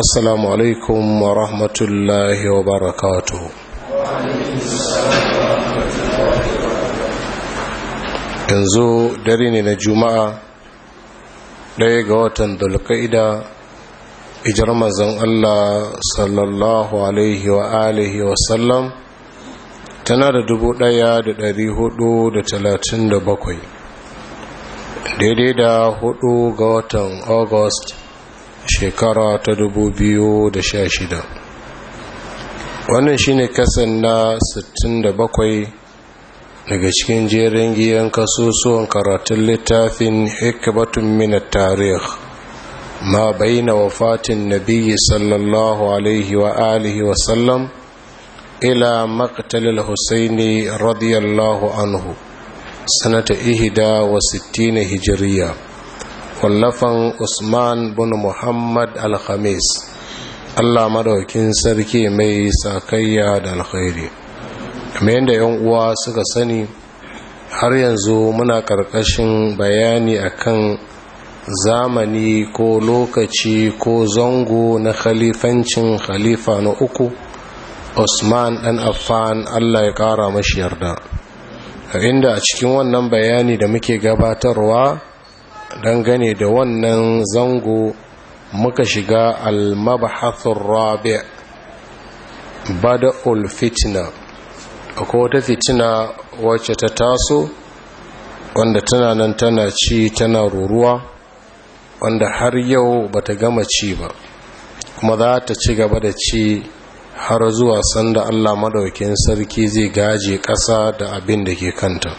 السلام عليكم ورحمة الله وبركاته yanzu dare ne na juma'a ɗaya ga watan dulka'ida ijar mazan allah sallallahu alaihi wa alihi sallam) tana da dubu ɗaya da ɗari hudu da talatin da bakwai daidai da hudu ga watan august shekara ta dubu biyu da sha shida. wannan shine kasan na bakwai. daga cikin jerin giyan kasusuwan karatun littafin hikmatun min tarih ma baina wafatin nabiyyi sallallahu alaihi wa alihi wa sallam ila maqtalil husaini radiyallahu anhu sanata ihda wa sittina hijriya kwallafan usman bin muhammad Alkhamis. allah madaukin sarki mai sakayya da alkhairi kamar yadda yan uwa suka sani har yanzu muna karkashin bayani akan zamani ko lokaci ko zango na khalifancin khalifa na uku usman dan affan allah ya kara mashi yarda inda a cikin wannan bayani da muke gabatarwa dangane da wannan zango muka shiga al rabe rabi' bada'ul fitna akwai wata fitina wacce ta taso wanda tana nan tana ci tana ruruwa wanda har yau bata gama ci ba kuma za ta ci gaba da ci har zuwa sanda Allah madaukin sarki zai gaje ƙasa da abin da ke kanta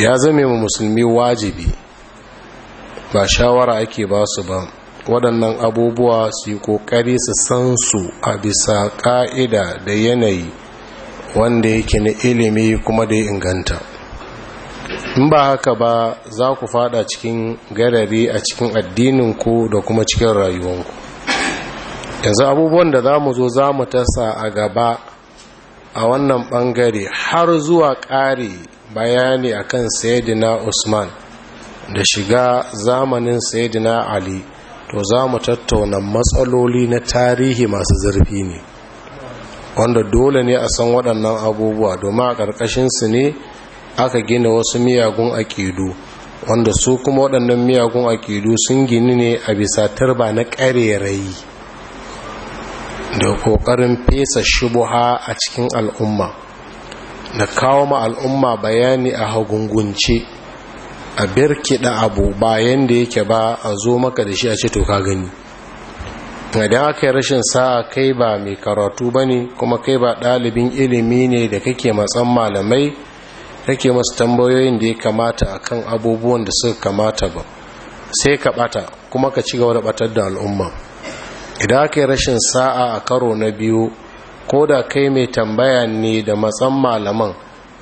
ya zame mu musulmi wajibi ba shawara ake ba su ba waɗannan abubuwa su yi ƙoƙari su san su a bisa ƙa'ida da yanayi wanda yake na ilimi kuma da inganta in ba haka ba za ku fada cikin garari a cikin addinin addininku da kuma cikin rayuwanku yanzu abubuwan da za mu zo za mu tasa a gaba a wannan ɓangare har zuwa ƙari bayani akan sayyidina usman da shiga zamanin sayyidina ali to za mu tattauna matsaloli na tarihi masu zurfi ne wanda dole ne a san waɗannan abubuwa domin a ƙarƙashinsu ne aka gina wasu miyagun aƙidu wanda su kuma waɗannan miyagun aƙidu sun gini ne a bisa tarba na ƙarerayi da ƙoƙarin fesa shubuha a cikin al'umma da kawo ma al'umma bayani a hagungunce a birkiɗa abu bayan da yake ba a zo maka da shi a ce to ka gani idan aka yi rashin sa'a kai ba mai karatu ba ne kuma kai ba ɗalibin ilimi ne da kake matsan malamai kake masu tambayoyin da ya kamata a kan abubuwan da suka kamata ba sai ka ɓata kuma ka ci gaba da ɓatar da al'umma idan aka yi rashin sa'a a karo na biyu ko da kai mai tambaya ne da matsan malaman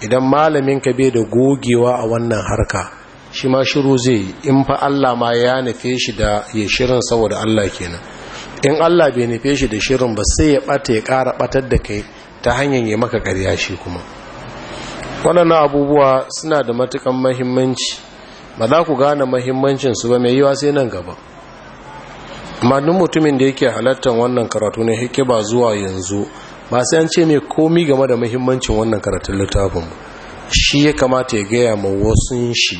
idan malamin ka bai da gogewa a wannan harka shi ma shiru zai in fa Allah ma ya nufe shi da ya shirin saboda Allah kenan in Allah bai nufe shi da shirin ba sai ya bata ya ƙara batar da kai ta hanyar ya maka karya shi kuma waɗannan abubuwa suna da matukan mahimmanci ba za ku gane mahimmancin su ba mai yiwa sai nan gaba amma mutumin da yake halartar wannan karatu ne hikima zuwa yanzu ba sai an ce mai komi game da muhimmancin wannan karatun littafin shi ya kamata ya gaya ma wasun shi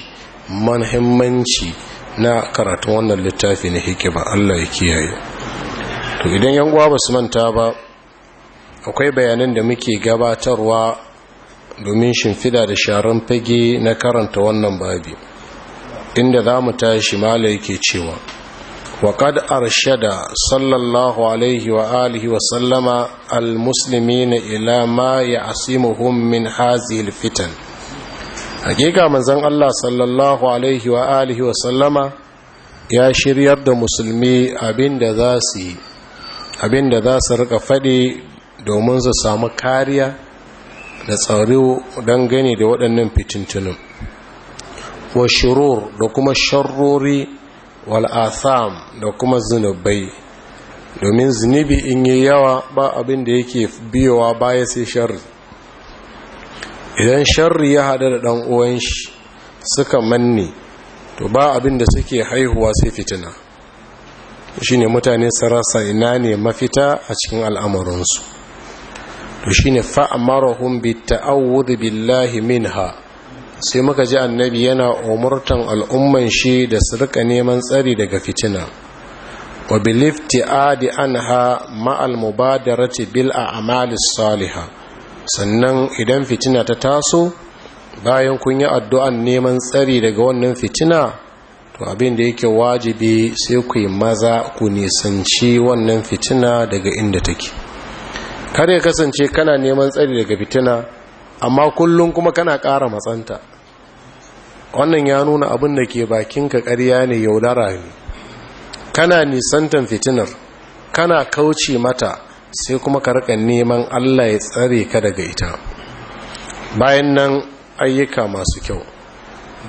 muhimmanci na karatun wannan littafi na hikima Allah ya kiyaye to idan yan gwa basu manta ba akwai bayanan da muke gabatarwa domin shimfida da sharan fage na karanta wannan babi inda za mu tashi mala ke cewa وقد أرشد صلى الله عليه وآله وسلم المسلمين إلى ما يعصمهم من هذه الفتن حقيقة من زن الله صلى الله عليه وآله وسلم يا شريار da musulmi abin da za su abin da za su rika faɗi domin su samu kariya da tsaro don gani da waɗannan fitintunan wa da kuma sharrori wal'asam da kuma zunubai domin zunubi in yi yawa ba abin da yake biyowa baya sai sharri idan sharri ya haɗu da ɗan uwan shi suka manne to ba abin da suke haihuwa sai fitina shine mutane sarasa ina ne mafita a cikin al'amuransu to shine fa'amarahum bi ta’awudu billahi ha." sai muka ji annabi yana umurtan al'umman shi da su rika neman tsari daga fitina wa bilifti adi anha ma'al mubadarati bil a'malis Saliha. sannan idan fitina ta taso bayan kun yi addu'an neman tsari daga wannan fitina to abin da yake wajibi sai ku yi maza ku nisanci wannan fitina daga inda take kada ya kasance kana neman tsari daga fitina amma kullum kuma kana ƙara matsanta wannan ya nuna abin da ke bakin ka karya ne yaudara ne kana nisantan fitinar kana kauce mata sai kuma ka riƙa neman Allah ya tsare ka daga ita bayan nan ayyuka masu kyau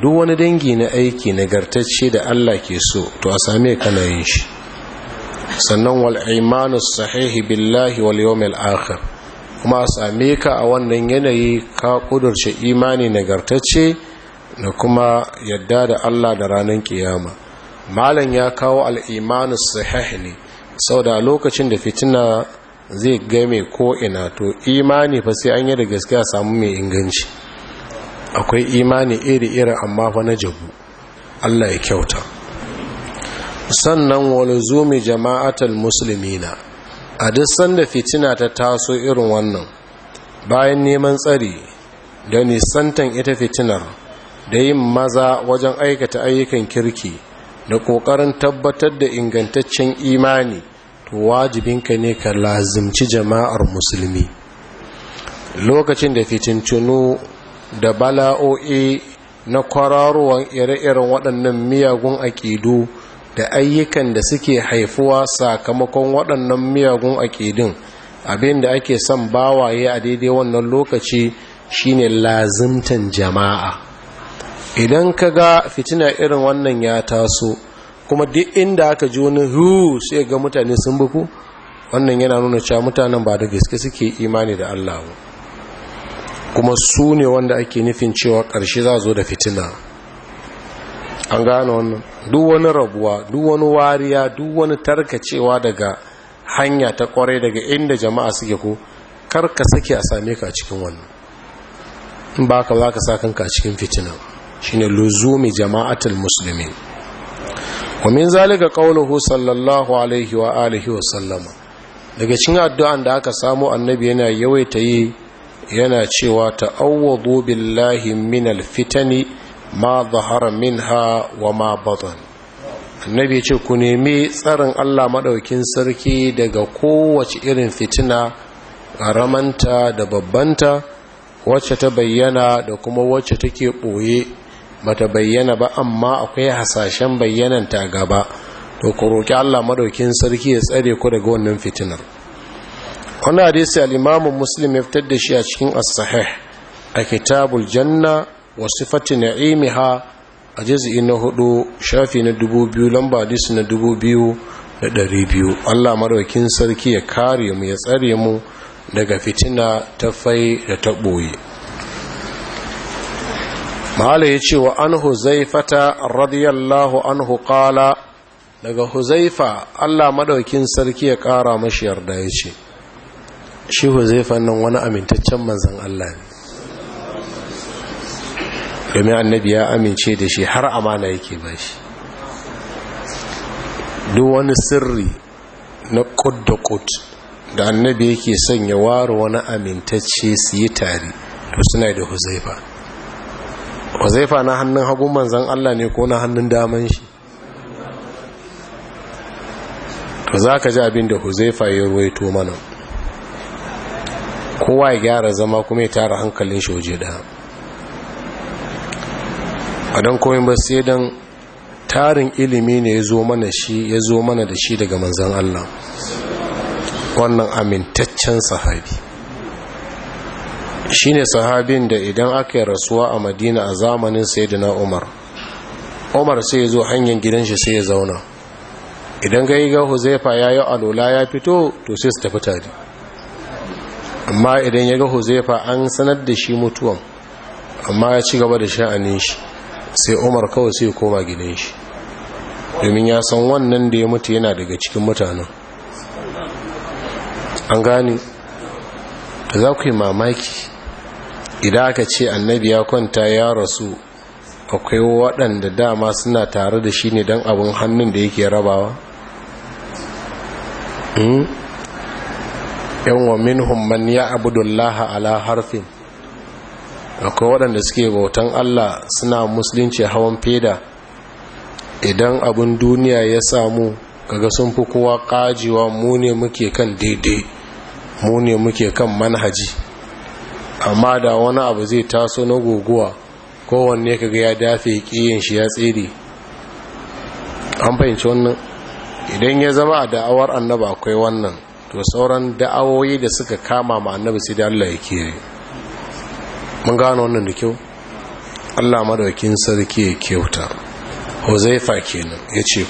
duk wani dangi na aiki nagartacce da Allah ke so to a same kana yin shi sannan wal sahihi billahi wal yawmil akhir kuma a same ka a wannan yanayi ka kudurce imani nagartacce da kuma yadda da Allah da ranar kiyama malam ya kawo al'imani sahih ne sau da lokacin da fitina zai game ko ina to imani fa sai an yi da a samu mai inganci akwai imani iri-iri amma fa na jabu Allah ya kyauta sannan walzumi musulmi na. a duk sanda fitina ta taso irin wannan bayan neman tsari da nisantan ita fitinar da yin maza wajen aikata ayyukan kirki da ƙoƙarin tabbatar da ingantaccen imani to wajibinka ne ka lazimci jama'ar musulmi lokacin da fitintunu da bala'o'i na kwararowar ire-iren waɗannan miyagun aƙidu da ayyukan da suke haifuwa sakamakon waɗannan miyagun aƙidin abin da ake son bawaye a daidai wannan lokaci shine lazimtan jama'a idan ka ga fitina irin wannan ya taso kuma duk inda aka ji wani huu sai ga mutane sun buku wannan yana nuna cewa mutanen ba da gaske suke imani da Allah kuma su ne wanda ake nufin cewa ƙarshe za zo da fitina an gano wannan duk wani rabuwa duk wani wariya duk wani tarkacewa daga hanya ta kwarai daga inda jama'a suke ko kar ka sake a same ka cikin wannan in ba ka za ka sa kanka cikin fitina shine luzumi jama'atul muslimin wa min zalika qawluhu sallallahu alaihi wa alihi wa sallama daga cikin addu'an da aka samu annabi yana yawaita yi yana cewa ta'awwadu billahi minal fitani ma zahara minha wa ma batan annabi ya ce ku nemi tsarin Allah maɗaukin sarki daga kowace irin fitina ƙaramanta da babbanta wacce ta bayyana da kuma wacce take ɓoye bata bayyana ba amma akwai hasashen bayyananta gaba to ku roƙi Allah maɗaukin sarki ya tsare ku daga wannan fitinar wannan hadisi al-Imam Muslim ya fitar da shi a cikin as-Sahih a Kitabul Janna wa sifati na'imiha a jazi'i na hudu shafi na dubu biyu lamba disu na dubu biyu da dari biyu allah maɗaukin sarki ya kare mu ya tsare mu daga fitina ta fai da ta ɓoye mahala ya ce wa an huzaifata radiyallahu anhu kala daga huzaifa allah maɗaukin sarki ya ƙara mashi yarda ya ce shi huzaifan nan wani amintaccen manzan allah ne domin annabi ya amince da shi har amana yake ba shi duk wani sirri na kud da kud da annabi yake sanya ware wani amintacce su yi tare to suna da huzaifa huzaifa na hannun hagun manzan Allah ne ko na hannun daman shi to za ka ji abin da huzaifa ya ruwaito mana kowa ya gyara zama kuma ya tara hankalin shi waje daya a don koyin ba sai don tarin ilimi ne ya zo mana shi ya zo mana da shi daga manzan Allah wannan amintaccen sahabi shi ne sahabin da idan aka yi rasuwa a madina a zamanin sai na umar umar sai ya zo hanyar gidan shi sai ya zauna idan ga yi ga huzaifa ya yi alola ya fito to sai su tafi tare amma idan ya ga huzaifa an sanar da shi mutuwan amma ya ci gaba da sha'anin shi sai umar kawai sai koma gidan shi domin ya san wannan da ya mutu yana daga cikin mutanen an gane da za ku yi mamaki idan aka ce annabi ya kwanta ya rasu akwai waɗanda dama suna tare da shi ne don abin hannun da yake rabawa hmm? yan wa minhum man ya abudullaha ala harfin akwai waɗanda suke bautan Allah suna musulunci hawan feda idan abin duniya ya samu kaga sun fi kowa kajiwa mu muke kan daidai mu muke kan manhaji amma da wani abu zai taso na guguwa kowanne kaga ya dafe ƙiyin shi ya tsere an fahimci wannan idan ya zama a da'awar annaba akwai wannan to sauran da'awoyi da suka kama ma annaba sai da Allah ya kere mun gano wannan da kyau Allah madaukin sarki ya kyauta Huzaifa kenan yace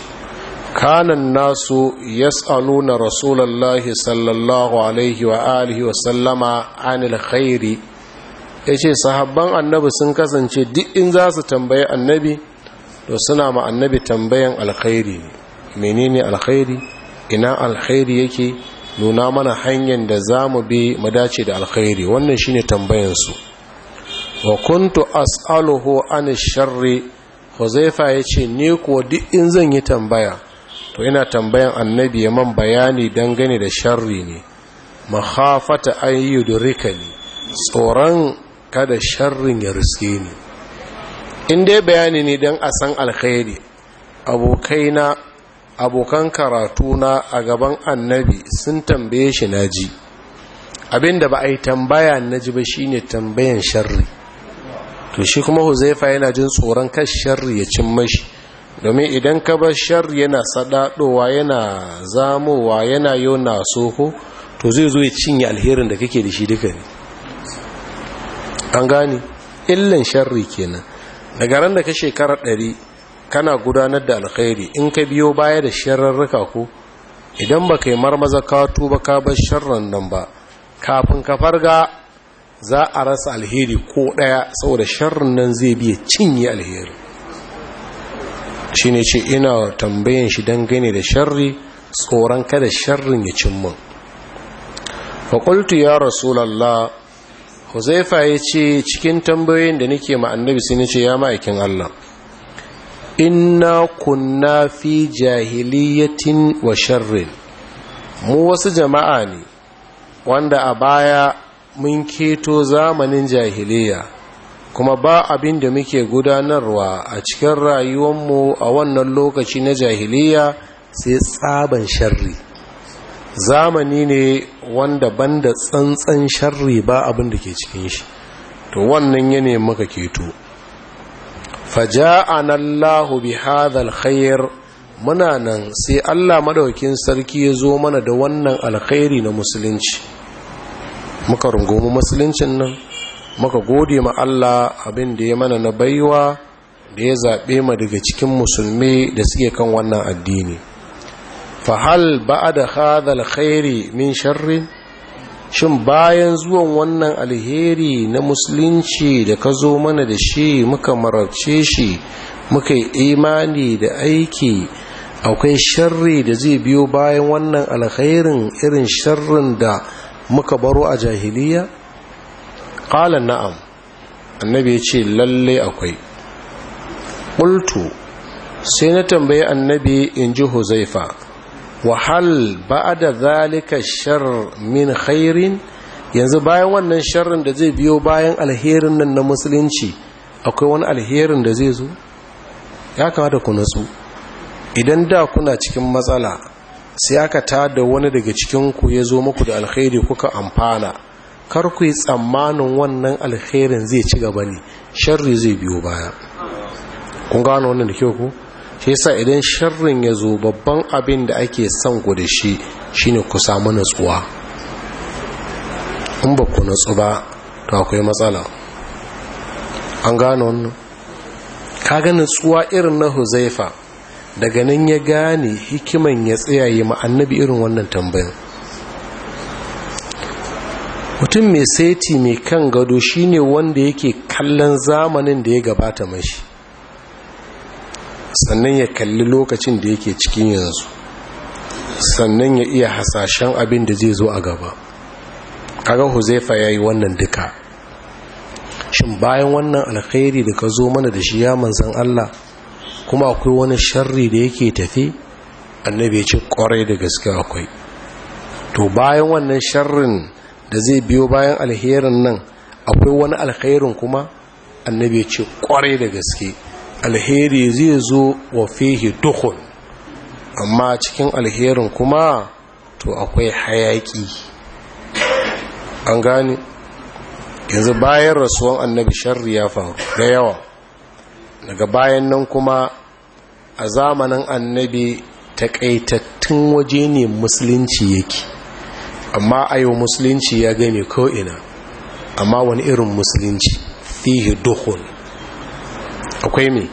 kanan nasu yas'aluna rasulullahi sallallahu alaihi wa alihi wa sallama anil khairi yace sahabban annabi sun kasance duk in za su tambaye annabi to suna ma annabi tambayan alkhairi menene alkhairi ina alkhairi yake nuna mana hanyar da za mu bi mu dace da alkhairi wannan shine tambayansu wa kuntu as'aluhu an sharri huzaifa ya ce ni kuwa duk in zan yi tambaya to ina tambayan annabi ya man bayani dangane da sharri ne mahafata an yudrikani tsoron kada sharrin ya riske ni in dai bayani ne dan a san alkhairi abokaina abokan karatuna a gaban annabi sun tambaye shi naji abinda ba a yi tambaya naji ba shine tambayan sharri to shi kuma huzaifa yana jin tsoron kan sharri ya cin mashi domin idan ka bar sharri yana sadadowa yana zamowa yana yona tsoho to zai zo ya cinye alherin da kake da shi duka ne an gane illan sharri kenan daga ran da ka shekara ɗari kana gudanar da alkhairi in ka biyo baya da sharrarruka ko idan ba ka yi marmaza ka tuba ka bar sharran nan ba kafin ka farga za a rasa alheri ko ɗaya saboda sharrin nan zai biya cinye alheri shi ne ce ina tambayin shi dangane da sharri tsoron kada sharrin ya cimma faƙultu ya rasulallah huzaifa ya ce cikin tambayoyin da nake ma annabi sai ce ya ma'aikin allah inna kunna fi jahiliyatin wa sharrin mu wasu jama'a ne wanda a baya mun keto zamanin jahiliya kuma ba abin da muke gudanarwa a cikin rayuwanmu a wannan lokaci na jahiliya sai tsaban sharri zamani ne wanda banda tsantsan sharri ba abin da ke cikin shi to wannan yane muka maka keto faja'ana Allahu bi hadhal khair muna nan sai Allah madaukin sarki ya zo mana da wannan alkhairi na musulunci muka rungumi musuluncin nan muka gode ma Allah abin da ya mana na baiwa da ya zaɓe ma daga cikin musulmi da suke kan wannan addini fahal ba'ada hadha khairi min sharri shin bayan zuwan wannan alheri na musulunci da ka zo mana da shi muka marabce shi muka yi imani da aiki akwai sharri da zai biyo bayan wannan alkhairin irin sharrin da muka baro a jahiliya qala na'am annabi ya ce lalle akwai Ƙultu, sai na tambaye annabi in ji huzaifa wahal da zalika shar min khairin yanzu bayan wannan sharrin da zai biyo bayan alherin nan na musulunci akwai wani alherin da zai zo ya kamata ku natsu idan da kuna cikin matsala sai aka tada wani daga cikinku ya zo muku da alkhairi kuka amfana kar ku yi tsammanin wannan alkhairin zai ci gaba ne sharri zai biyo baya kun gano wannan da kyau ku shi yasa idan sharrin ya zo babban abin da ake son ku da shi shine ku samu nutsuwa. in ba ku nutsu ba to akwai matsala an gano wannan kaga nutsuwa irin na huzaifa daga nan ya gane hikiman ya tsayaye ma annabi irin wannan tambayan mutum mai saiti mai kan gado shine wanda yake kallon zamanin da ya gabata mashi sannan ya kalli lokacin da yake cikin yanzu sannan ya iya hasashen abin da zai zo a gaba kaga huzaifa ya yi wannan duka shin bayan wannan alkhairi da ka zo mana da shi ya manzan Allah kuma akwai wani sharri da yake tafi annabi ya ce kwarai da gaske akwai to bayan wannan sharrin da zai biyo bayan alherin nan akwai wani alherin kuma annabi ya ce kwarai da gaske alheri zai zo wa fihi duhun amma cikin alherin kuma to akwai hayaki an gane yanzu bayan rasuwan annabi sharri ya faru da yawa daga bayan nan kuma a zamanin annabi takaitattun waje ne musulunci yake amma ayo musulunci ya game ko'ina amma wani irin musulunci fihe duhun akwai mai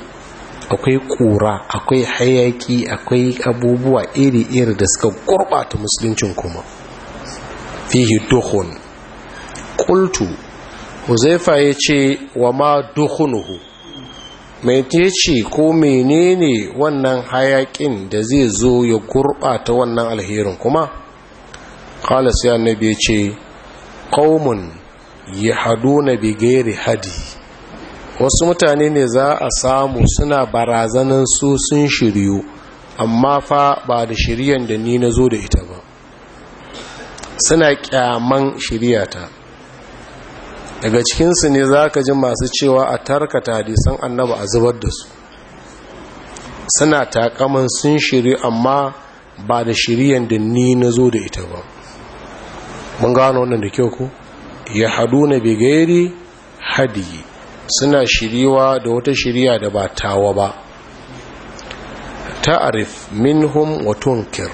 akwai kura akwai hayaki akwai abubuwa iri-iri da suka gurbata musuluncin kuma fihi duhun kultu huzaifa ya ce wa ma duhunuhu metece ko menene wannan hayakin da zai zo ya gurɓata wannan alherin kuma kala sai annabi ya ce yi hadu na ghairi hadi wasu mutane ne za a samu suna barazanan su sun shiryu amma fa ba da shiryan da ni na zo da ita ba suna kyaman shiryata daga cikinsu ne za ka ji masu cewa a tarkata hadisan annaba a zubar da su suna takaman sun shiri amma ba da shiriyan da ni na zo da ita ba mun gano wannan da kyau ku ya hadu na bigairi hadiyi suna shiriwa da wata shiriya da ba tawa ba ta'arif minhum wa tunkir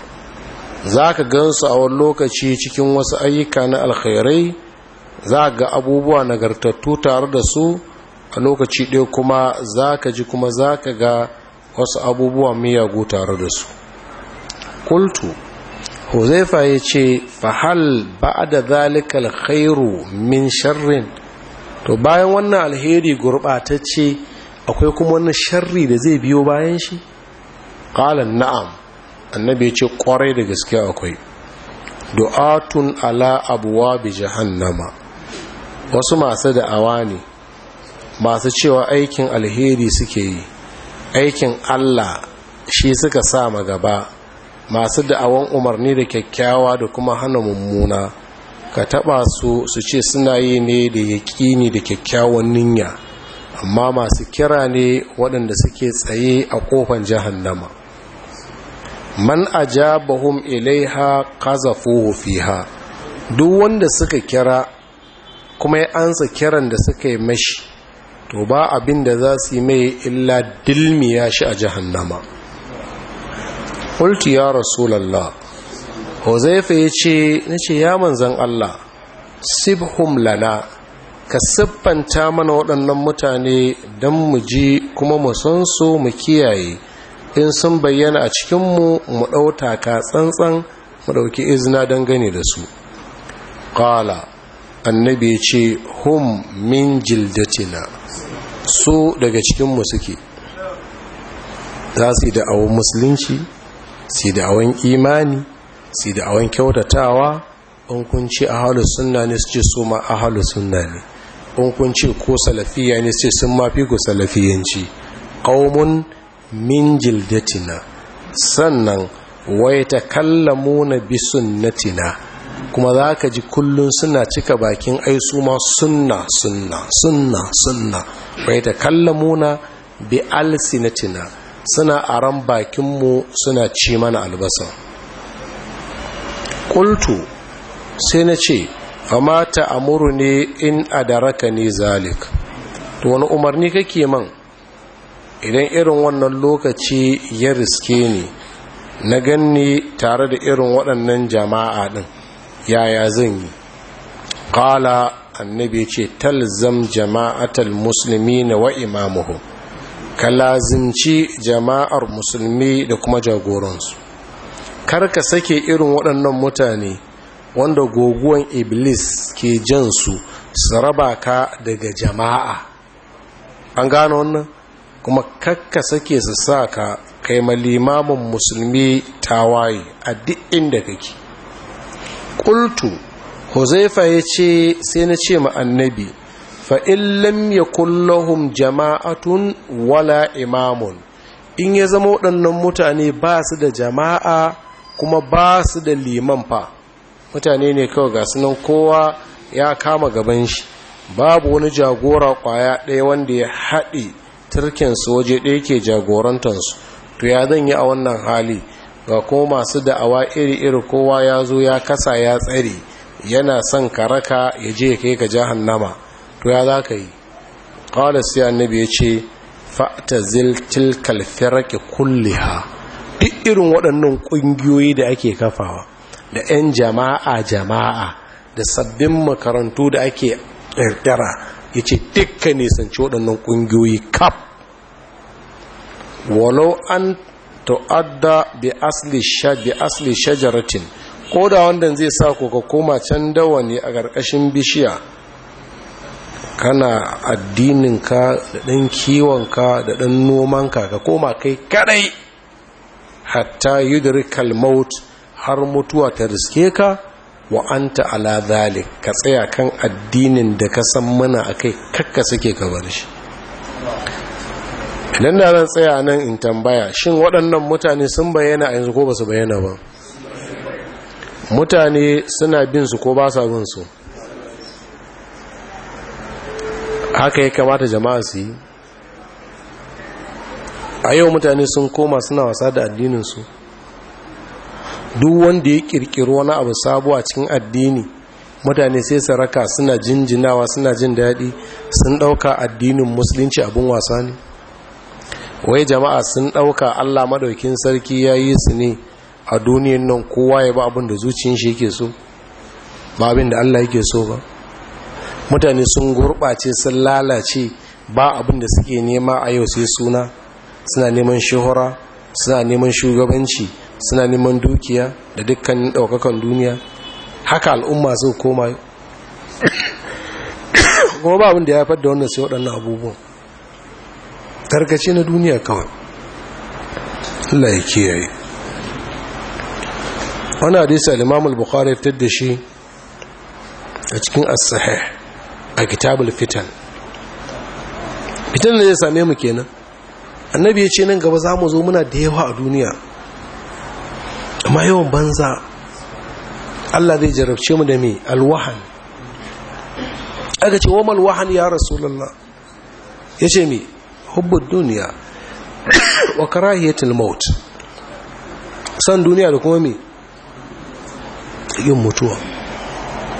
za ka gansu a wani lokaci cikin wasu ayyuka na alkhairai za ga abubuwa nagartattu tare da su a lokaci ɗaya kuma za ka ji kuma za ka ga wasu abubuwa miyagu tare da su kultu huzaifa ya ce fahal ba da zalikal khairu min sharrin to bayan wannan alheri gurɓatacce akwai kuma wani sharri da zai biyo bayan shi ƙalan na'am annabi ya ce ƙwarai da gaske akwai du'atun ala abuwa bi jahannama wasu masu da'awa ne masu cewa aikin alheri suke yi aikin allah shi suka sa ma gaba masu da'awan umarni da kyakkyawa da kuma hana mummuna ka taba su su ce suna yi ne da yaƙini da kyakkyawan ninya amma masu kira ne waɗanda suke tsaye a ƙofan jahannama man ajabahum ilaiha fi fiha duk wanda suka kira kuma ya ansa kiran da suka yi mashi to ba abin da za su yi mai illa dilmi ya shi a jahannama qultu ya rasulullah huzaifa yace ce ya manzan Allah sibhum lana ka siffanta mana waɗannan mutane don mu ji kuma mu san mu kiyaye in sun bayyana a cikinmu mu ɗauta ka tsantsan mu ɗauki izina don gani da su ƙala annabi ya ce hum min jildatina su daga cikinmu suke za su yi da'awun musulunci su yi da'awun imani su yi da'awun kyautatawa in kun ce suna ne su ce su ma ahalus suna ne in ko salafiya ne su ce sun mafi ku salafiyanci ƙaumun min jildatina sannan wai ta kallamuna bi sunnatina kuma za ka ji kullum suna cika bakin ai ma sunna sunna sunna sunna bai ta kallamuna bi alsinatina suna ran bakinmu suna ci mana albasa kultu sai na ce amma ta amuru ne in a adaraka ne zalik to wani umarni kake man idan irin wannan lokaci ya riske ni na ganni tare da irin waɗannan jama'a ɗin yaya zan yi kala annabi ce talzam jama'atar musulmi na wa imamuhu ka lazimci jama'ar musulmi da kuma jagoransu kar ka sake irin waɗannan mutane wanda goguwan iblis ke jan su raba ka daga jama'a an gano wannan kuma kakka sake su sa ka kai malimamin musulmi tawaye a duk inda kake qultu huzaifa yace sai na ce ma annabi fa in lam yakul lahum jama'atun wala imamun in ya zama waɗannan mutane ba su da jama'a kuma ba su da liman fa mutane ne kawai ga sunan kowa ya kama gaban shi babu wani jagora kwaya ɗaya wanda ya haɗe su waje ɗaya ke jagorantarsu to ya zan yi a wannan hali ga ko masu da'awa iri-iri kowa ya zo ya kasa ya tsare yana son ka raka ya je ya kai ka jahannama to ya za ka yi ƙawar siya annabi ya ce fa'ta ziltil kalfiraki kulliha duk irin waɗannan ƙungiyoyi da ake kafawa da 'yan jama'a jama'a da sabbin makarantu da ake ƙirƙira ya ce dukkan nisanci waɗannan ƙungiyoyi kaf walau an adda bi asli sha bi asli shajaratin ko da wanda zai sa ku ka koma can dawa ne a ƙarƙashin bishiya kana addininka da ɗan ka da ɗan nomanka ka koma kai kadai hatta yudrikal maut har mutuwa ta riske ka wa anta ala zalik ka tsaya kan addinin da ka san mana akai kakka ke ka bar shi idan da zan tsaya nan in tambaya shin waɗannan mutane sun bayyana a yanzu ko ba su bayyana ba mutane suna bin su ko ba sa bin su haka ya kamata jama'a su yi a yau mutane sun koma suna wasa da addininsu duk wanda ya kirkiri wani abu sabo a cikin addini mutane sai saraka suna jinjinawa suna jin daɗi sun ɗauka addinin musulunci abin wasa ne wai jama'a sun ɗauka allah maɗaukin sarki ya yi su ne a duniyan nan kowa ya ba abin da zuciyin shi yake so ba abin da allah yake so ba mutane sun gurɓace sun lalace ba abin da suke nema a yau sai suna suna neman shahura suna neman shugabanci suna neman dukiya da dukkan ɗaukakan duniya haka al'umma su koma kuma ba abin da ya fadda wannan sai waɗannan abubuwan tarkace na duniya kawai Allah ya kiyaye wani hadisi al-imam al-bukhari da shi a cikin as-sahih a kitabul fitan fitan ne ya same mu kenan annabi ya ce nan gaba za mu zo muna da yawa a duniya amma yawan banza Allah zai jarabce mu da me alwahan aka ce wa wahan ya rasulullah ya ce me hubbu duniya wa karahiyatul maut san duniya da kuma me yin mutuwa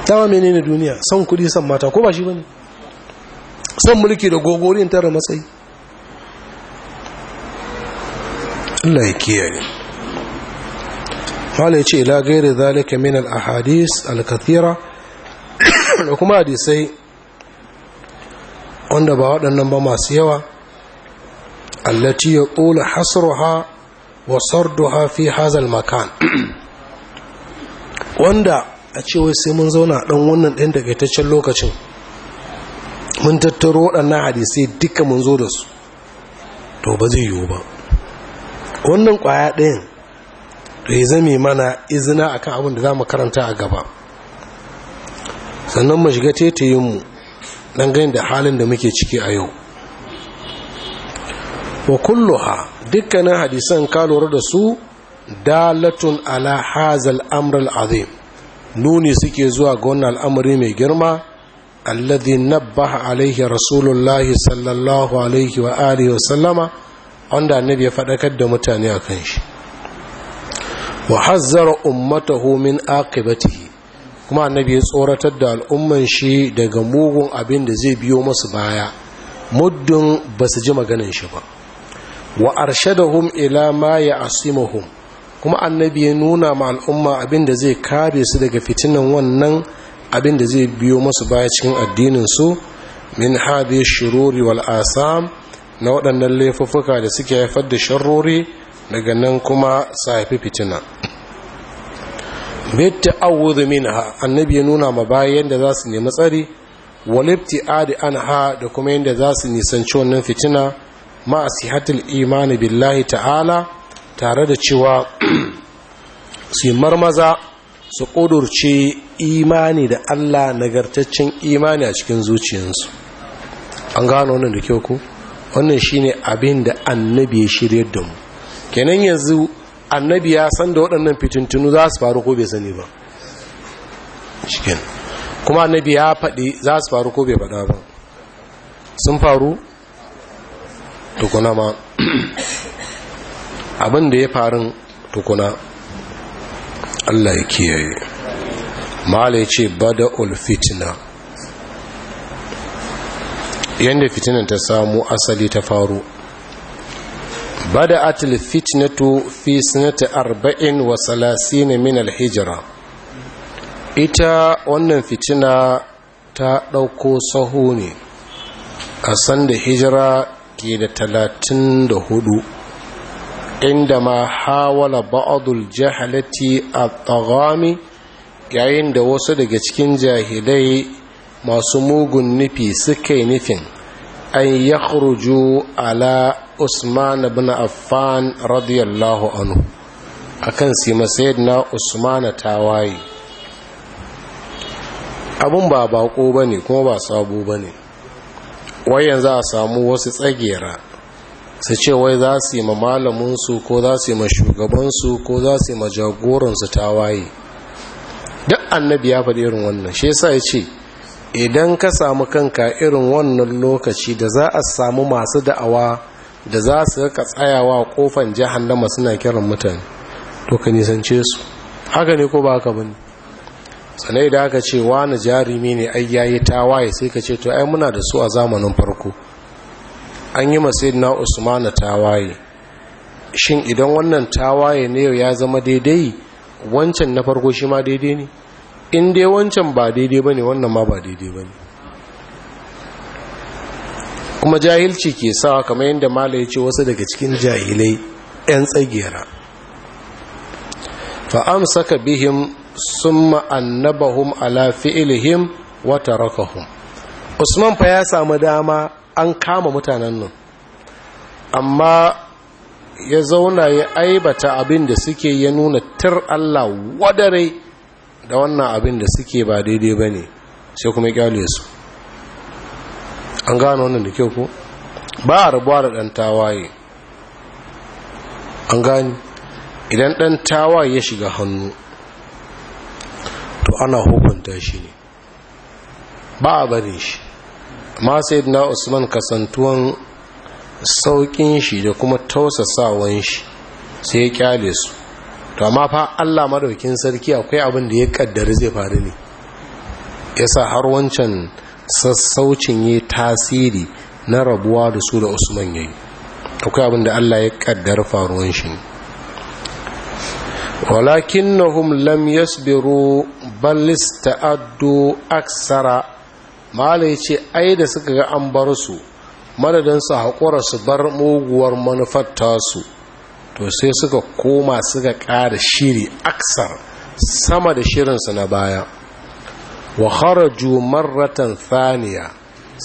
dama menene duniya san kudi san mata ko ba shi bane san mulki da gogorin tare matsayi Allah ya kiyaye Mala ya ce ila gairi zalika min al ahadith al-kathira da kuma hadisi wanda ba waɗannan ba masu yawa allati ya ƙola hasruha wa sarduha fi hazal makan wanda a cewa sai mun zauna ɗan wannan ɗan lokacin mun tattaro waɗannan hadisai duka mun zo da su to ba zai yiwu ba wannan ƙwaya ɗayan to ya zame mana izina akan abin da za mu karanta a gaba sannan mu shiga ɗan dangane da halin da muke ciki a yau wa kulluha dukkanin hadisan ka lura da su dalatun ala hazal amr azim nuni suke zuwa ga wannan al'amari mai girma alladhi nabbaha alaihi rasulullah sallallahu alaihi wa alihi wa sallama wanda annabi ya fadakar da mutane a kan shi wa hazzara ummatahu min aqibatihi kuma annabi ya tsoratar da al'umman shi daga mugun abin da zai biyo masu baya muddin basu ji maganin shi ba wa arshadahum ila ma ya'simuhum kuma annabi ya nuna ma al'umma abin da zai kare su daga fitinan wannan abin da zai biyo musu baya cikin addinin su min hadhi shururi wal asam na waɗannan laifuffuka da suke haifar da sharrori daga nan kuma safi fitina bitta awudu minha annabi ya nuna ma bayan da zasu su nemi tsari walibti adi anha da kuma yadda zasu nisanci wannan fitina ma sihatul imani billahi ta'ala tare da cewa su marmaza su kudurce imani da Allah nagartaccen imani a cikin zuciyarsu an gano wannan da kyau ku wannan shine abin da annabi ya shirye da mu kenan yanzu annabi ya san da waɗannan fitintunu za su faru ko bai sani ba kuma annabi ya faɗi za su faru ko bai faɗa ba sun faru tukuna ma abin da ya farin tukuna Allah ya kiyaye mala ya ce bada ulfitina yadda fitinan ta samu asali ta faru bada atil fitinatu fi sanata arba'in wa salasina min alhijira ita wannan fitina ta ɗauko sahu ne a sanda hijira ke da talatin da hudu inda ma hawala ba'adul jahalati a tsagami yayin da wasu daga cikin jahilai masu mugun nufi suka yi nufin an ya ala usman bin affan radiyallahu anhu akan sima na usman tawaye abun ba bako ba ne kuma ba sabo ne. wai yanzu a samu wasu tsagera su ce wai za su yi ma malaminsu ko za su yi ma shugabansu ko za su yi ma jagoransu waye. duk annabi ya faɗi irin wannan shi yasa ya ce idan ka samu kanka irin wannan lokaci da za a samu masu da'awa da za su rika tsayawa kofan jihar suna kiran mutane to ka nisance su haka ne ko ba haka bane tsanai da aka ce wani jarumi ne ai yayi tawaye sai ka ce to ai muna da su a zamanin farko an yi masayidina usmana tawaye shin idan wannan tawaye ne ya zama daidai wancan na farko shi ma daidai ne in dai wancan ba daidai ba ne wannan ma ba daidai ba ne kuma jahilci ke sawa kamar yadda mala ya ce wasu daga cikin jahilai 'yan tsagera fa'am saka bihim summa annabahum ala fi'ilihim wa tarakahum usman fa ya samu dama an kama mutanen nan amma ya zauna ya aibata abin da suke ya nuna tir Allah wadare da wannan abin da suke ba daidai ba ne sai kuma ya kyale su an gano wannan da kyau ko ba a rabuwa da ɗan tawaye an gani idan ɗan tawaye ya shiga hannu to ana hukunta shi ne ba a bari shi ma sai na usman kasantuwan saukin shi da kuma tausasawan shi sai ya kyale su to amma fa Allah madaukin sarki akwai abin da ya kaddari zai faru ne yasa har wancan sassaucin yi tasiri na rabuwa da su da usman ya yi. akwai abin da Allah ya kaddara faruwan shi ne. Walakin na lam yasbiru balista ta'addu aksara mala ya ce ai da suka ga an bar su madadin su haƙura su bar muguwar manufar tasu to sai suka koma suka ƙara shiri aksar sama da shirinsu na baya wa kharaju marratan thaniya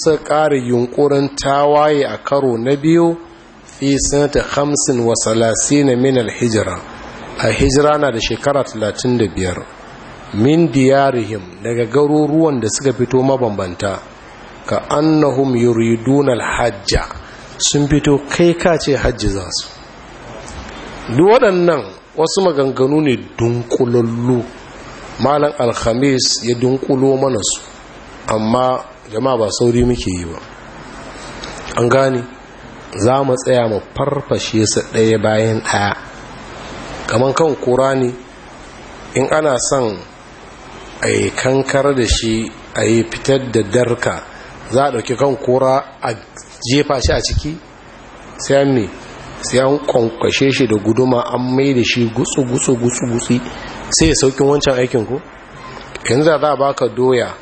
suka ƙara yunkurin tawaye a karo na biyu fi sanata hamsin wa salasina min alhijra a hijira na da shekara 35 min diyarihim daga garuruwan da suka fito mabambanta ka annahum yuridun alhajja sun fito kai ka ce hajji za su duk waɗannan wasu maganganu ne dunkulallu malam alhamis ya dunkulo mana su amma jama'a ba sauri muke yi ba an gane za mu tsaya mu farfashe su ɗaya bayan ɗaya kamar kan ƙura ne in ana son a yi kankar da shi a yi fitar da darka za a ɗauki kan kura a jefa shi a ciki sai an ne sai an kwankwashe shi da guduma an mai da shi gutsu gutsu gutsu gutsi sai ya saukin wancan aikin ku yanzu za a baka doya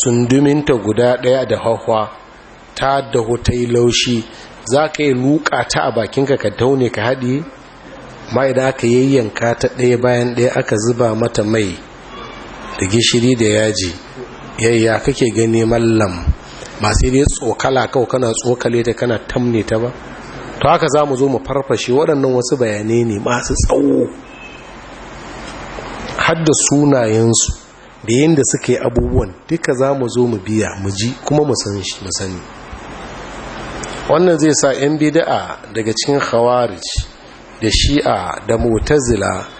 sunduminta guda ɗaya da hawa ta da yi laushi za ka yi luka ta a bakinka ka taune ka haɗiye ma idan aka yayyanka ta ɗaya bayan ɗaya aka zuba mata mai da gishiri da yaji yayya kake gani mallam ba sai dai tsokala kau kana tsokale ta kana tamne ta ba to haka za mu zo mu farfashe waɗannan wasu bayanai ne masu tsawo hadda sunayensu da yadda suka yi abubuwan duka za mu zo mu biya mu ji kuma mu sani wannan zai sa 'yan bida'a daga cikin khawarij da shi'a da mutazila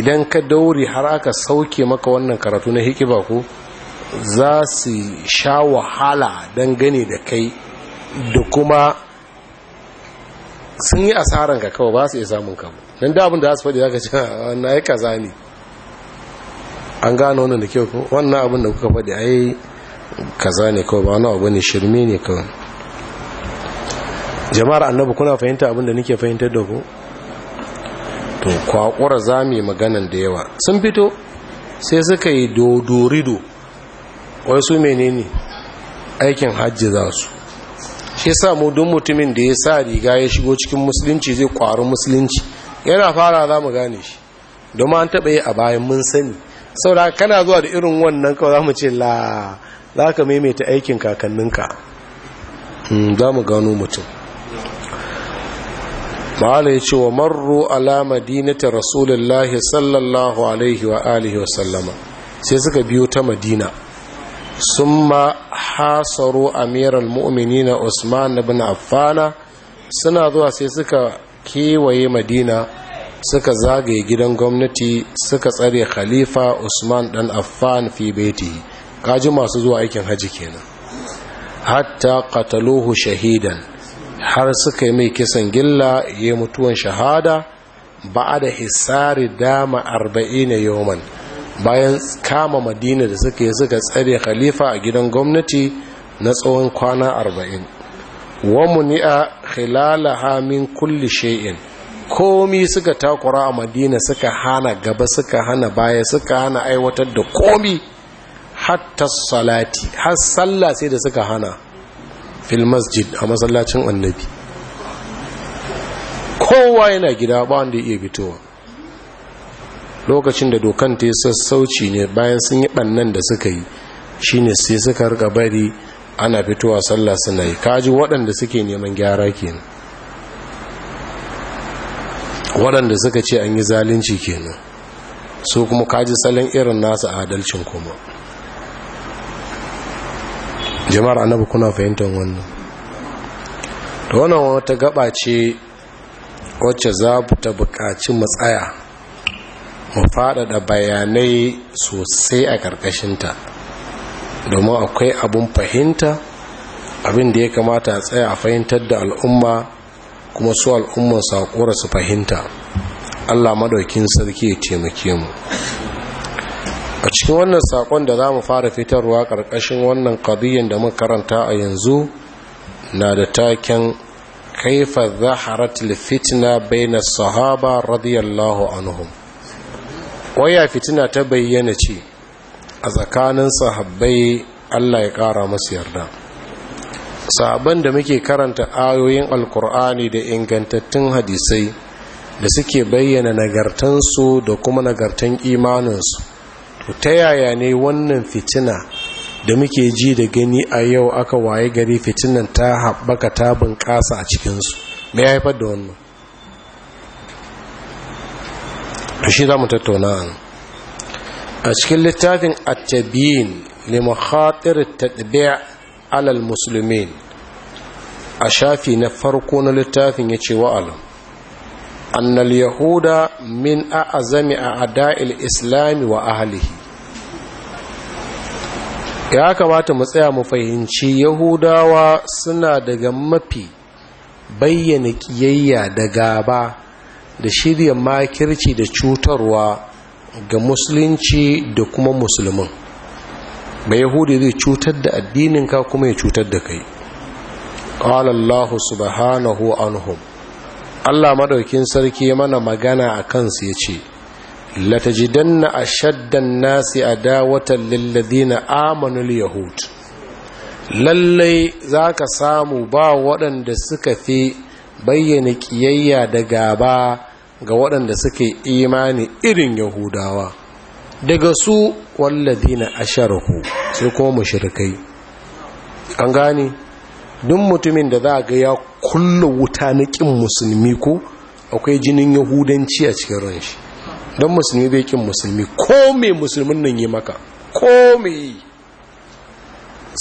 idan ka dauri har aka sauke maka wannan karatu na hikiba ko za su sha wahala don gane da kai da kuma sun yi asaran ka kawai ba su iya samun kamu don da abin da su faɗi za ka ce na yi kaza ne an gano wannan da kyau ko wannan abin da kuka faɗi a yi kaza ne kawai ba wani abu ne shirme ne kawai jama'ar annabu kuna fahimta abin da nake fahimtar da ku to kwakwara za mu yi maganan da yawa sun fito sai suka yi dodorido wai su menene aikin hajji za su shi mu don mutumin da ya sa riga ya shigo cikin musulunci zai kwaru musulunci yana fara za mu gane shi domin an taɓa yi a bayan mun sani saboda kana zuwa da irin wannan kawai za mu ce la za ka maimaita aikin kakanninka hmm, za mu gano mutum ma'ala ya ce wa marro alama madinata rasulullahi sallallahu alaihi wa alihi wa sallama sai suka biyo ta madina sun ma hasaro amiral na usman bin affana suna zuwa sai suka kewaye madina suka zagaye gidan gwamnati suka tsare khalifa usman dan affan fi baitihi kaji masu zuwa aikin hajji kenan hatta qataluhu shahidan har suka yi mai kisan gilla ya mutuwan shahada ba da hisari dama arba'ina yoman. bayan kama madina da suka yi suka tsare khalifa a gidan gwamnati na tsohon kwana arba'in wa a khilala min kulli she'in komi suka takura a madina suka hana gaba suka hana baya suka hana aiwatar da komi hatta salati har sallah sai da suka hana fil masjid a masallacin annabi kowa yana gida ba wanda ya iya fitowa lokacin da dokan ta yi sassauci ne bayan sun yi bannan da suka yi shine sai suka rika bari ana fitowa sallah suna yi kaji waɗanda suke neman gyara kenan waɗanda suka ce an yi zalunci kenan su kuma kaji salin irin nasa adalcin kuma jama'ar annabi kuna fahimtar wannan da wannan wata gaba ce wacce za ta buƙaci matsaya mu faɗaɗa bayanai sosai a ƙarƙashinta domin akwai abun fahimta abin da ya kamata a tsaya a fahimtar da al'umma kuma su al'umma su haƙura su fahimta allah maɗaukin sarki ya taimake mu a cikin wannan sakon da za mu fara fitarwa ƙarƙashin wannan ƙadiyyar da muka karanta a yanzu na da taken kaifa zaharat fitna baina sahaba radiyallahu anhum waya fitina ta bayyana ce a tsakanin sahabbai Allah ya ƙara musu yarda sahabban da muke karanta ayoyin alkur'ani da ingantattun hadisai da suke bayyana nagartansu da kuma nagartan imaninsu ta yaya ne wannan fitina da muke ji da gani a yau aka waye gari fitinan ta haɓaka ta bunƙasa a cikinsu mai haifar da wannan shi za mu tattauna a cikin littafin attabiyin limakhatir taɗabiya alal musulmin a shafi na farko na littafin ya ce wa'alam annal yahuda min a azami a ada'il islami wa ahalihi ya kamata mu tsaya mu fahimci yahudawa suna daga mafi bayyana ƙiyayya da gaba da shirya makirci da cutarwa ga musulunci da kuma musulmin ba yahudi zai cutar da addininka kuma ya cutar da kai ƙalallahu subhanahu anhum allah maɗaukin sarki mana magana a kansu ya ce latajidanna ashaddan nasi adawatan na amanu yahud lallai zaka samu ba waɗanda suka fi bayyana ƙiyayya da gaba ga waɗanda suke imani irin yahudawa daga su walladhina asharaku sai kuma mushrikai an gane duk mutumin da za ga ya kulle wuta na kin musulmi ko akwai jinin yahudanci a cikin ranshi don musulmi bai kin musulmi ko me musulmin nan yi maka ko me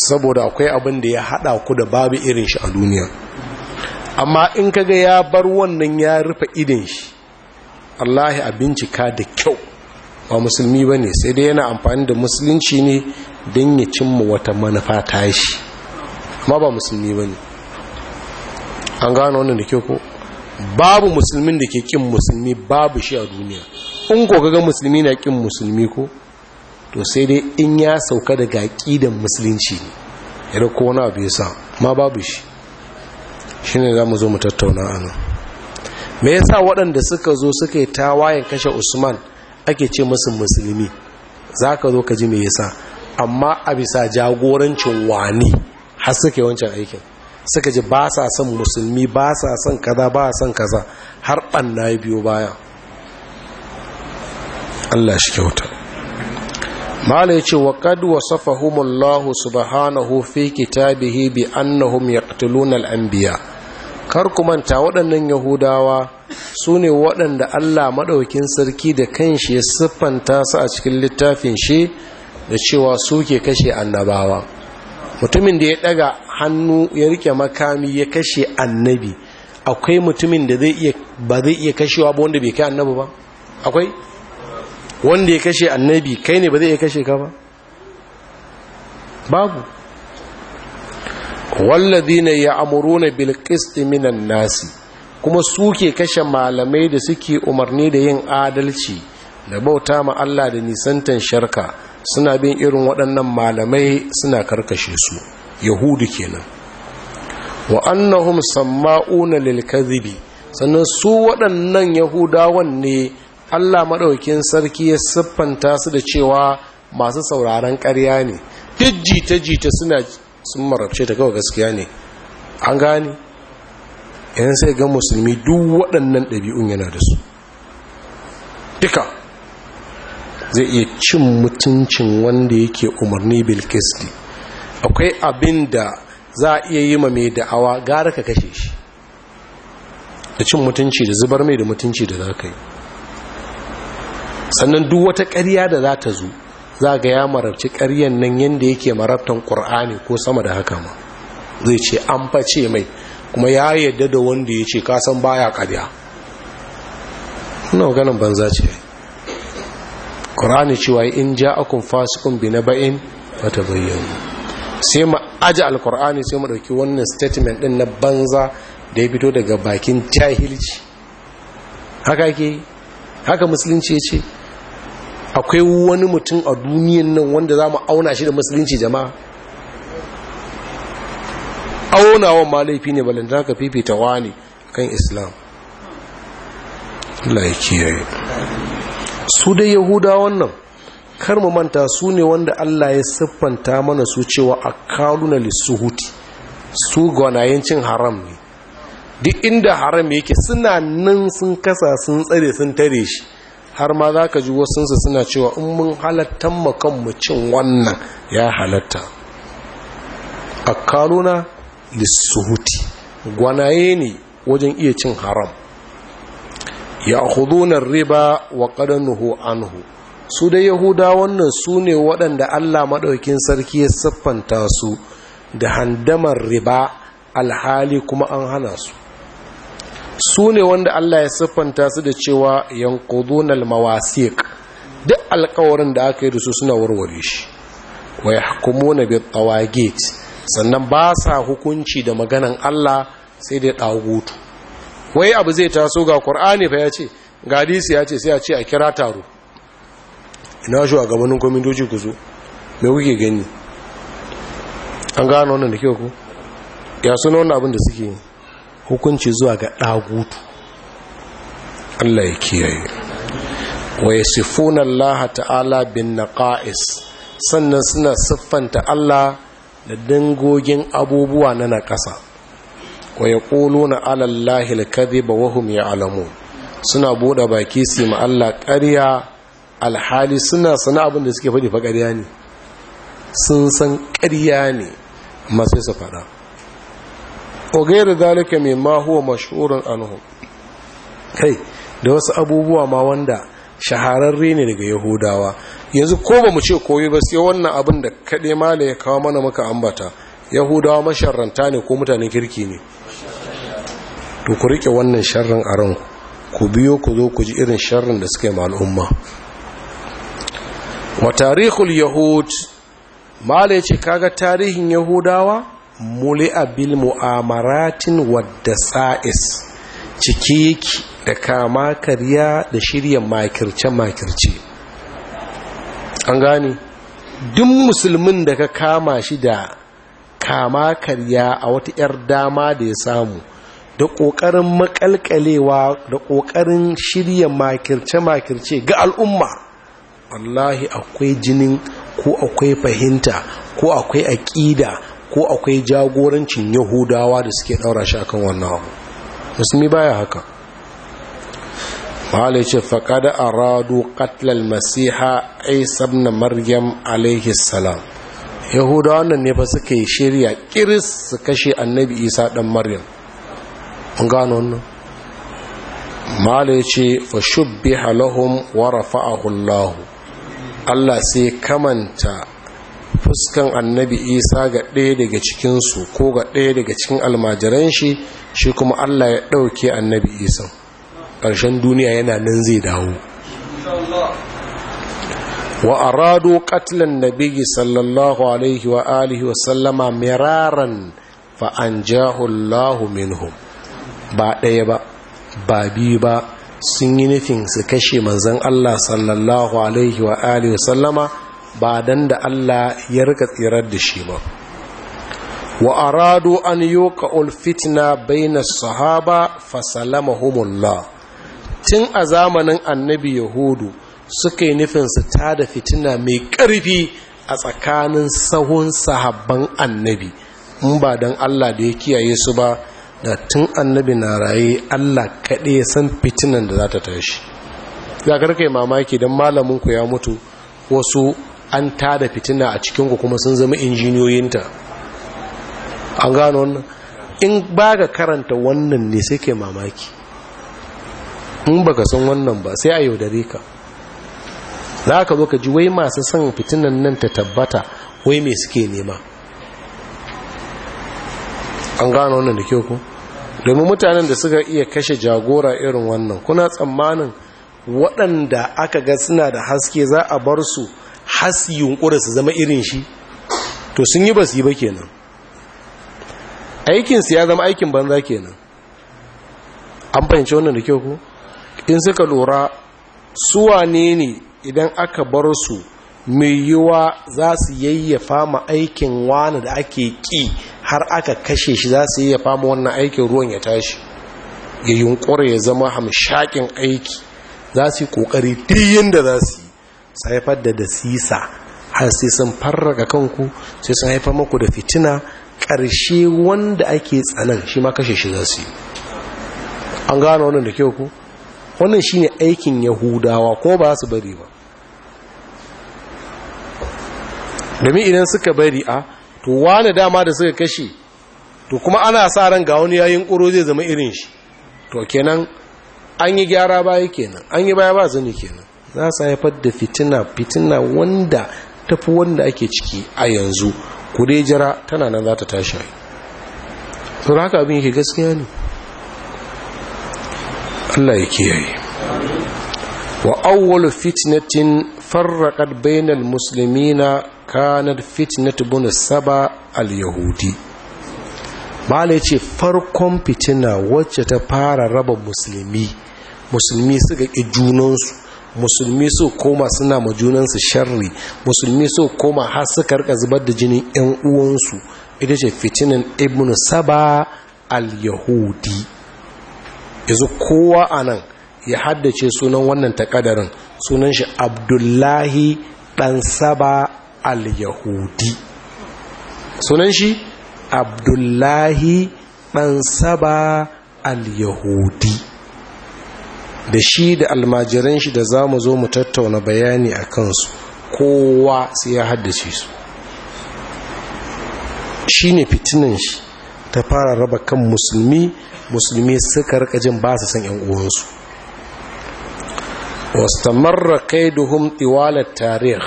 saboda akwai abin da ya hada ku da babu irin shi a duniya amma in kaga ya bar wannan ya rufe idin shi allahi a bincika da kyau ba musulmi ba ne sai dai yana amfani da musulunci ne don ya cimma wata manufa ta shi amma ba musulmi ba ne an gano wannan da kyau ko babu musulmin da ke kin musulmi babu shi a duniya in ko ga musulmi na kin musulmi ko to sai dai in ya sauka daga da musulunci ne Yadda ko wani abu yasa ma babu shi za mu zo mu tattauna anan me yasa waɗanda suka zo suka yi tawayen kashe Usman ake ce musu musulmi Za ka zo ka ji me yasa amma a bisa jagorancin wani har suka wancan aikin suka ji ba sa son musulmi ba sa son kaza ba sa son kaza har ɓanna ya biyo baya Allah shi kyauta mala ce wa qad wasafahumullahu subhanahu fi kitabihi bi annahum yaqtuluna al-anbiya kar ku manta waɗannan yahudawa su ne waɗanda Allah maɗaukin sarki da kanshi ya siffanta su a cikin littafin shi da cewa suke kashe annabawa mutumin da ya ɗaga hannu ya rike makami ya kashe annabi akwai mutumin da zai iya ba zai iya kashewa ba wanda bai kai annabi ba akwai wanda ya kashe annabi kai ne ba zai iya kashe ka ba babu walladina ya'muruna bil qisti minan nasi kuma suke kashe malamai da suke umarni da yin adalci da bauta ma Allah da nisantan sharka suna bin irin waɗannan malamai suna karkashe su yahudu kenan wa annahum samma'una lil kadhibi sannan su waɗannan yahudawan ne Allah maɗaukin sarki ya siffanta su da cewa masu sauraron ƙarya ne duk jita-jita suna sun marabce ta kawai gaskiya ne an gane yan sai ga musulmi duk waɗannan ɗabi'un yana da su duka zai iya cin mutuncin wanda yake umarni bilkisti akwai abin da za a iya yi ma mai da'awa gara ka kashe shi da cin mutunci da zubar mai da mutunci da za ka yi sannan duk wata ƙarya da za ta zo za ga ya marabci ƙaryan nan yadda yake marabtan ƙur'ani ko sama da haka ma zai ce an face mai kuma ya yadda da wanda ya ce kasan baya ƙarya nau ganin banza ce ƙur'ani cewa in ja akun fasikun bi na ba'in wata bayyana sai ma aji alkur'ani sai mu ɗauki wannan statement ɗin na banza da ya fito daga bakin tahilci. haka ke haka musulunci ya ce akwai wani mutum a duniyan nan wanda za mu auna shi da musulunci jama'a aunawan ma laifi ne balanta ka fifita ne kan islam Allah ya kiyaye su dai yahuda wannan kar mu manta su ne wanda Allah ya siffanta mana su cewa a akaluna lisuhuti su gwanayen cin haram ne duk inda haram yake suna nan sun kasa sun tsare sun tare shi har ma za ka ji wasunsa suna cewa in mun halattan mu cin wannan ya halatta a kanuna lissuhuti gwanaye ne wajen iya cin haram ya hudunar riba wa ƙadanuhu anhu su da yahuda wannan su ne waɗanda allah maɗaukin sarki ya siffanta su da handamar riba alhali kuma an hana su su ne wanda Allah ya siffanta su da cewa yanqudunal mawasiq duk alƙawarin da aka yi da su suna warware shi wa yahkumuna bi tawagit sannan ba sa hukunci da maganan Allah sai da dagutu wai abu zai taso ga Qur'ani fa yace ga hadisi yace sai a ce a kira taro ina shi a gabanin komitoci ku zo me kuke gani an gano wannan da ke ku ya suna wannan abin da suke yi hukunci zuwa ga ɗagutu Allah ya kiyaye wa sifuna Allah ta'ala bin naqa'is sannan suna siffanta Allah da dangogin abubuwa na naƙasa wa ƙolo na alallahi al ba wa hum alamu? suna bude baki su ma Allah ƙarya alhali suna sana abin da suke faɗi fa ƙarya ne sun san ƙarya ne masu su faɗa wa gairu zalika mimma huwa mashhurun anhu kai da wasu abubuwa ma wanda shahararre ne daga yahudawa yanzu ko ba mu ce koyi ba sai wannan abin da kaɗe mala ya kawo mana maka ambata yahudawa masharranta ne ko mutanen kirki ne to ku rike wannan sharrin a ranku ku biyo ku zo ku ji irin sharrin da suke ma al'umma wa tarihul yahud mala ya ce kaga tarihin yahudawa muli'a bil mu'amaratin wadda sa'is ciki yake da kama karya da shirya makirce-makirce an gani duk musulmin da ka kama shi da kama karya a wata 'yar dama da ya samu da ƙoƙarin makalkalewa da ƙoƙarin shirya makirce-makirce ga al'umma wallahi akwai jinin ko akwai fahimta ko akwai aƙida ko akwai jagorancin yahudawa da suke ɗaura shi akan wannan abu musulmi baya haka malai ce faƙada aradu radu ƙatlal masiha isa na maryam alaihi salam yahudawa nan ne fa suka yi shirya kiris su kashe annabi isa ɗan maryam an gano wannan malai ce fa shubbi halahum wa rafa'ahu allah Allah sai kamanta fuskan annabi isa ga ɗaya daga cikinsu ko ga ɗaya daga cikin almajiran shi shi kuma allah ya ɗauke annabi isa ƙarshen duniya yana nan zai dawo wa arado katilan nabiyyi sallallahu alaihi wa alihi wa sallama miraran fa'an jahullahu minhum ba ɗaya ba ba biyu ba sun yi nufin su kashe manzan allah sallallahu alaihi wa alihi wa sallama ba dan da Allah ya rika tsirar da shi ba wa aradu an yuqa'ul fitna bainas sahaba fasalamahumullah tun a zamanin annabi yahudu suka yi nufin su da fitina mai ƙarfi a tsakanin sahun sahabban annabi in ba dan Allah da ya kiyaye su ba da tun annabi na raye Allah kaɗai ya san fitinan da za ta tashi za ka rika mamaki don malaminku ya mutu wasu an tada fitina a cikinku kuma sun zama injiniyoyinta an gano wannan in ba ga karanta wannan ne sai ke mamaki in ba ka san wannan ba sai a yaudare ka za ka zo ka ji wai masu san fitinan nan ta tabbata wai mai suke nema an gano wannan da kyau ku domin mutanen da suka iya kashe jagora irin wannan kuna tsammanin waɗanda aka ga suna da haske za a bar su hasi yunkura su zama irin shi to sun yi ba yi ba kenan aikinsu ya zama aikin banza kenan an fahimci wannan da kyau ku in suka lura suwa ne ne idan aka bar su mai yiwa za su yayyafa ma aikin wani da ake ƙi har aka kashe shi za su yayyafa ma wannan aikin ruwan ya tashi ya yunkura ya zama hamshakin aiki za su yi ƙoƙari duk da za su yi sai haifar da dasisa har sai sun farraga kanku sai sun haifar muku da fitina ƙarshe wanda ake tsanan shi ma kashe shi za su yi an gano wannan da kyau ku wannan shine aikin yahudawa ko ba su bari ba domin idan suka bari a to wani dama da suka kashe to kuma ana sa ran ga wani yayin ƙuro zai zama irin shi to kenan an yi gyara baya kenan an yi baya ba zuni kenan za su haifar da fitina fitina wanda tafi wanda ake ciki a yanzu ku dai jira tana nan za ta tashi sau haka abin yake gaskiya ne Allah ya kiyaye wa awwalu fitnatin farraqat bainal muslimina kanat fitnat bun saba al yahudi mala yace farkon fitina wacce ta fara raba musulmi musulmi suka ƙi junansu musulmi so koma suna ma junansu sharri musulmi so koma har suka rika zubar da jinin yan uwansu ita ce fitinan ibn saba al-yahudi yanzu kowa anan ya haddace sunan wannan takadarin sunan shi abdullahi dan saba al-yahudi sunan shi abdullahi dan saba al-yahudi da shi da almajiran shi da za mu zo mu tattauna bayani a kansu kowa sai ya haddace su shi ne fitinan shi ta fara raba kan musulmi musulmi suka rika jin ba su san 'yan uwansu wastamarra kaiduhum tiwalar tarih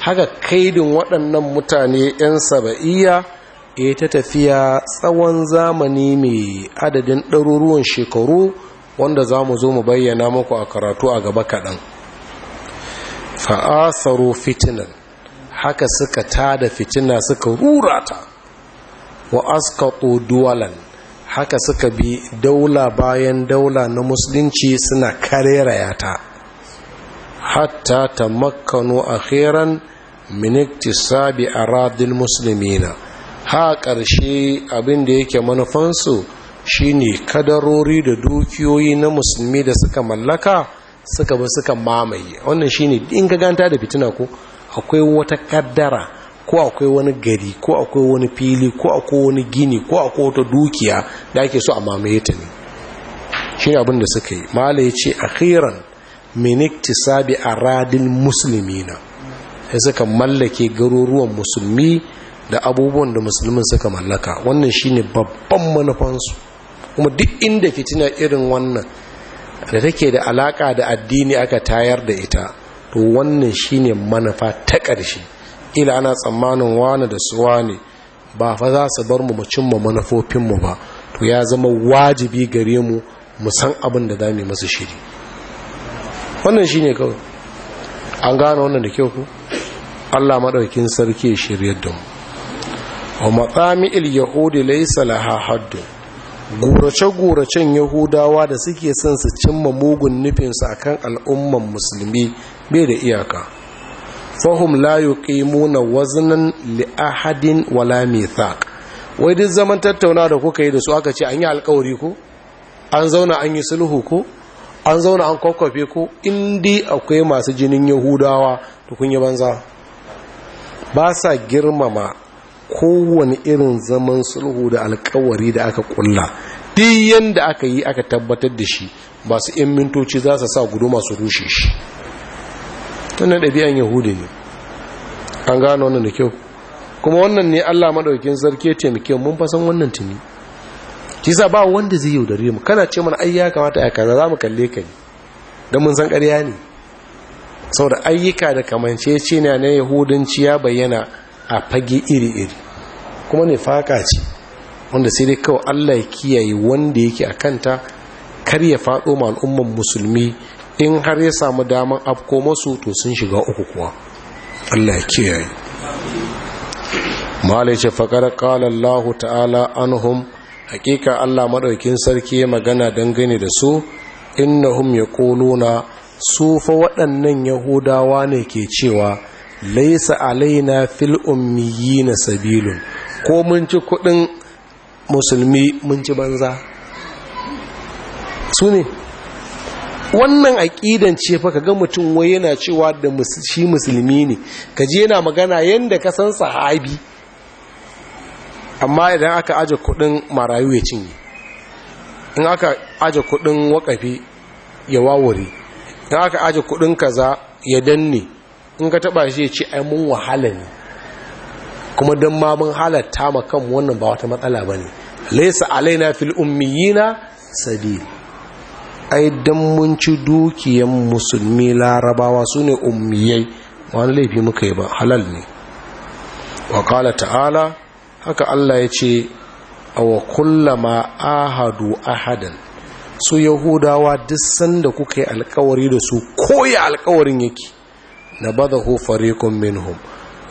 haka kaidin waɗannan mutane 'yan saba'iyya ya eh, ta tafiya tsawon zamani mai adadin ɗaruruwan shekaru wanda za mu zo mu bayyana muku a karatu a gaba kaɗan fa'asaru fitinan haka suka tada fitina suka rurata wa askatu duwalan haka suka bi daula bayan daula na musulunci suna karerayata ta hatta ta makkano a heran miniktisabi a musulmina ha ƙarshe abin da yake manufansu shine kadarori da dukiyoyi na musulmi da suka mallaka suka ba suka mamaye wannan shine in ka ganta da fitina ko akwai wata kaddara ko akwai wani gari ko akwai wani fili ko akwai wani gini ko akwai wata dukiya da ake so a mamaye ta ne shine abin da suka yi mala yace akhiran min iktisabi aradil muslimina sai suka mallake garuruwan musulmi da abubuwan da musulmin suka mallaka wannan shine babban manufansu kuma duk inda fitina irin wannan da take da alaka da addini aka tayar da ita to wannan shine manufa ta ƙarshe ila ana tsammanin wani da su wani ba fa za su bar mu mu cimma manufofinmu ba to ya zama wajibi gare mu mu san abin da za mu masu shiri wannan shine kawai an gane wannan da kyau ku Allah madaukakin sarki ya shiryar da mu wa maqami al-yahudi laysa laha haddun gurace-guracen yahudawa da suke son su cimma mugun nufinsu a kan al'umman musulmi bai da iyaka fahim layu ƙimuna wazinan li'ahadin wala mithaq wai duk zaman tattauna da kuka yi da su aka ce an yi alkawari ko an zauna an yi sulhu ko an zauna an kwakwafe ko indi akwai masu jinin yahudawa da kun yi banza ba sa girmama kowane irin zaman sulhu da alkawari da aka kulla duk yanda aka yi aka tabbatar da shi ba su yan mintoci za su sa gudu masu rushe shi tunan ɗabi'an yahudi ne an gano wannan da kyau kuma wannan ne allah maɗaukin zarke ya mun fasan wannan tuni shi sa ba wanda zai da mu kana ce mana ai ya kamata a kaza za mu kalle ka ne don mun san ƙarya ne sau da ayyuka da kamanceci na na yahudanci ya bayyana a fage iri-iri kuma ne faka ce wanda sai dai kawai Allah ya kiyaye wanda yake a kanta kar ya faɗo ma al'umman musulmi in har ya samu daman afko masu to sun shiga uku kuwa Allah ya kiyaye malai ce faƙar ƙalallahu ta'ala anhum hakika Allah maɗaukin sarki ya magana dangane da su innahum ya ƙoluna su fa waɗannan yahudawa ne ke cewa laisa alaina fil ummiyina sabilun ko mun ci kudin musulmi mun ci banza su wannan aƙidan ce fa ga mutum wai yana cewa da shi musulmi ne kaje yana magana yanda ka san sahabi amma idan aka aje kudin marayu ya cinye in aka aje kudin wakafi ya wawure in aka aje kudin kaza ya danne in ka taba shi ya ce ai mun wahala ne kuma don ma mun halatta ma kan wannan ba wata matsala ba ne laisa alaina fil ummiyina sabil ai don mun ci dukiyan musulmi larabawa su ne ummiyai wani laifi muka yi ba halal ne wa ta'ala haka Allah ya ce awa kullama ahadu ahadan su yahudawa duk sanda kuka yi alkawari da su koya alkawarin yake na badahu fariqun minhum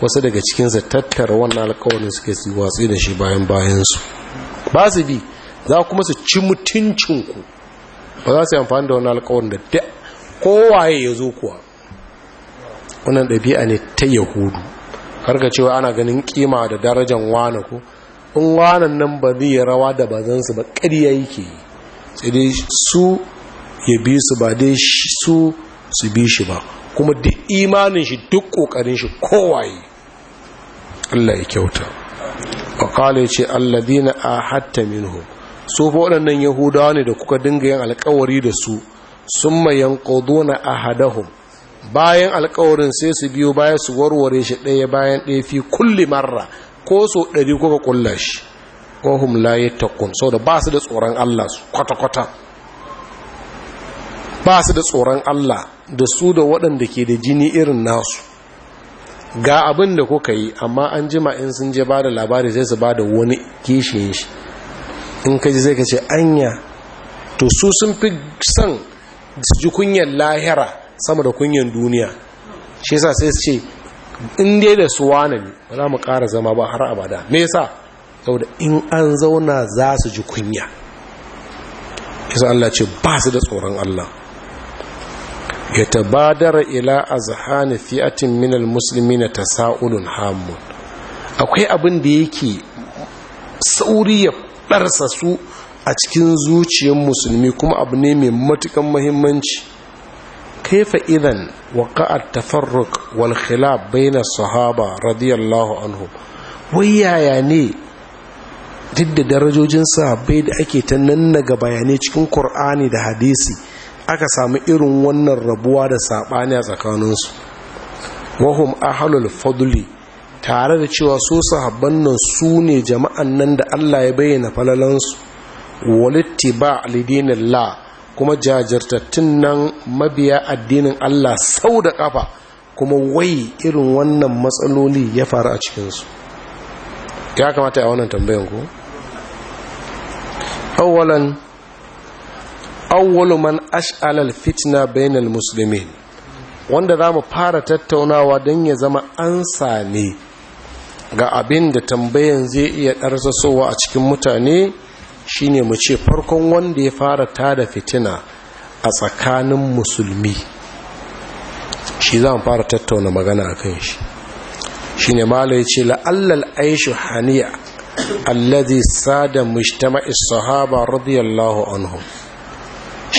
wasu daga cikin su tattara wannan alƙawarin suke su watsi da shi bayan bayan su ba su bi za kuma su ci mutuncin ku ba za su yi amfani da wannan alƙawarin da duk kowaye ya zo kuwa wannan ɗabi'a ne ta yahudu har karka cewa ana ganin kima da darajan wane ku in wanan nan ba zai rawa da bazan su ba ƙarya yake yi sai dai su ya bi su ba dai su su bi shi ba kuma duk imanin shi duk ƙoƙarin shi kowaye Allah ya kyauta wa kala ce alladina a hatta minhu su fa waɗannan yahudawa ne da kuka dinga yin alkawari da su sun mayan ƙodona a bayan alkawarin sai su biyo baya su warware shi ɗaya bayan ɗaya fi kulli marra ko so ɗari kuka ƙulla shi hum la yattaqun saboda ba su da tsoron Allah kwata kwata ba su da tsoron Allah da su da waɗanda ke da jini irin nasu ga abin da kuka yi amma an jima in sun je ba da labari sai su ba da wani kishiyin shi in ka ji zai ka ce anya to su sun fi son su ji kunyan lahira sama da kunyan duniya shi yasa sai su ce in dai da su wane ne ba za mu ƙara zama ba har abada me yasa saboda in an zauna za su ji kunya yasa Allah ce ba su da tsoron Allah ya tabadara ila azhani fi'atin minal muslimina tasa'ulun hamun akwai abin da yake sauri ya ɗarsa su a cikin zuciyar musulmi kuma abu ne mai matukan muhimmanci. kaifa idan waqa'a tafarruk wal khilaf baina sahaba radiyallahu anhu wai yaya ne duk da darajojin sahabbai da ake ta nannaga bayanai cikin Kur'ani da hadisi aka samu irin wannan rabuwa da saɓani a tsakaninsu wahum ahalul fadli tare da cewa su sahabban nan su ne jama'an nan da Allah ya bayyana falalansu walitti ba lidinin la kuma jajirtattun nan mabiya addinin Allah sau da kafa kuma wai irin wannan matsaloli ya faru a cikinsu ya kamata a wannan tambayan ku awwalu man al fitna bainal muslimin wanda za mu fara tattaunawa dan ya zama ansa ne ga abin da tambayan zai iya ɗarsasowa a cikin mutane shine mu ce farkon wanda ya fara tada fitina a tsakanin musulmi shi za mu fara tattauna magana akan shi shi ne mala ya ce la'allal aishu haniya allazi sada mujtama'is sahaba radiyallahu anhu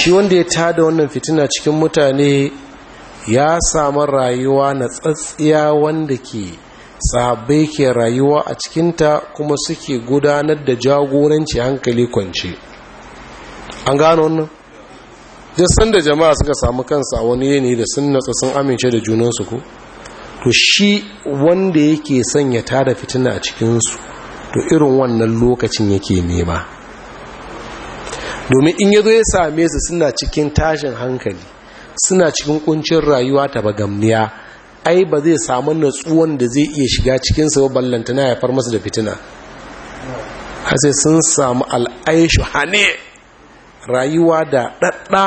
shi wanda ya tada wannan fitina cikin mutane ya samu rayuwa na tsatsiya wanda ke sahabbai ke rayuwa a cikinta kuma suke gudanar da jagoranci hankali kwance an gano wannan san da jama'a suka samu kansa a wani yanayi da sun natsa sun amince da junansu ko to shi wanda yake ya tada fitina a cikinsu to irin wannan lokacin yake nema domin in yazo ya same su suna cikin tashin hankali suna cikin kuncin rayuwa ta bagamniya ai ba zai samu natsuwan da zai iya shiga cikin sa ballanta na haifar masa da fitina har sai sun samu al'aishu hane rayuwa da dadda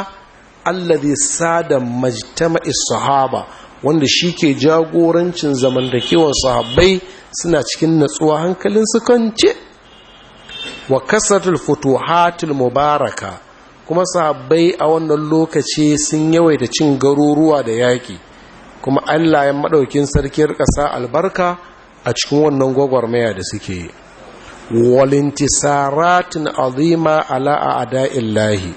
allazi sada majtama'i sahaba wanda shi ke jagorancin zamantakewar sahabbai suna cikin natsuwa hankalin su kance wa kasatul futuhatul mubaraka kuma sahabbai a wannan lokaci sun yawaita cin garuruwa da yaƙi kuma Allah ya maɗaukin sarkin ƙasa albarka a cikin wannan gwagwarmaya da suke walintisaratin azima ala a illahi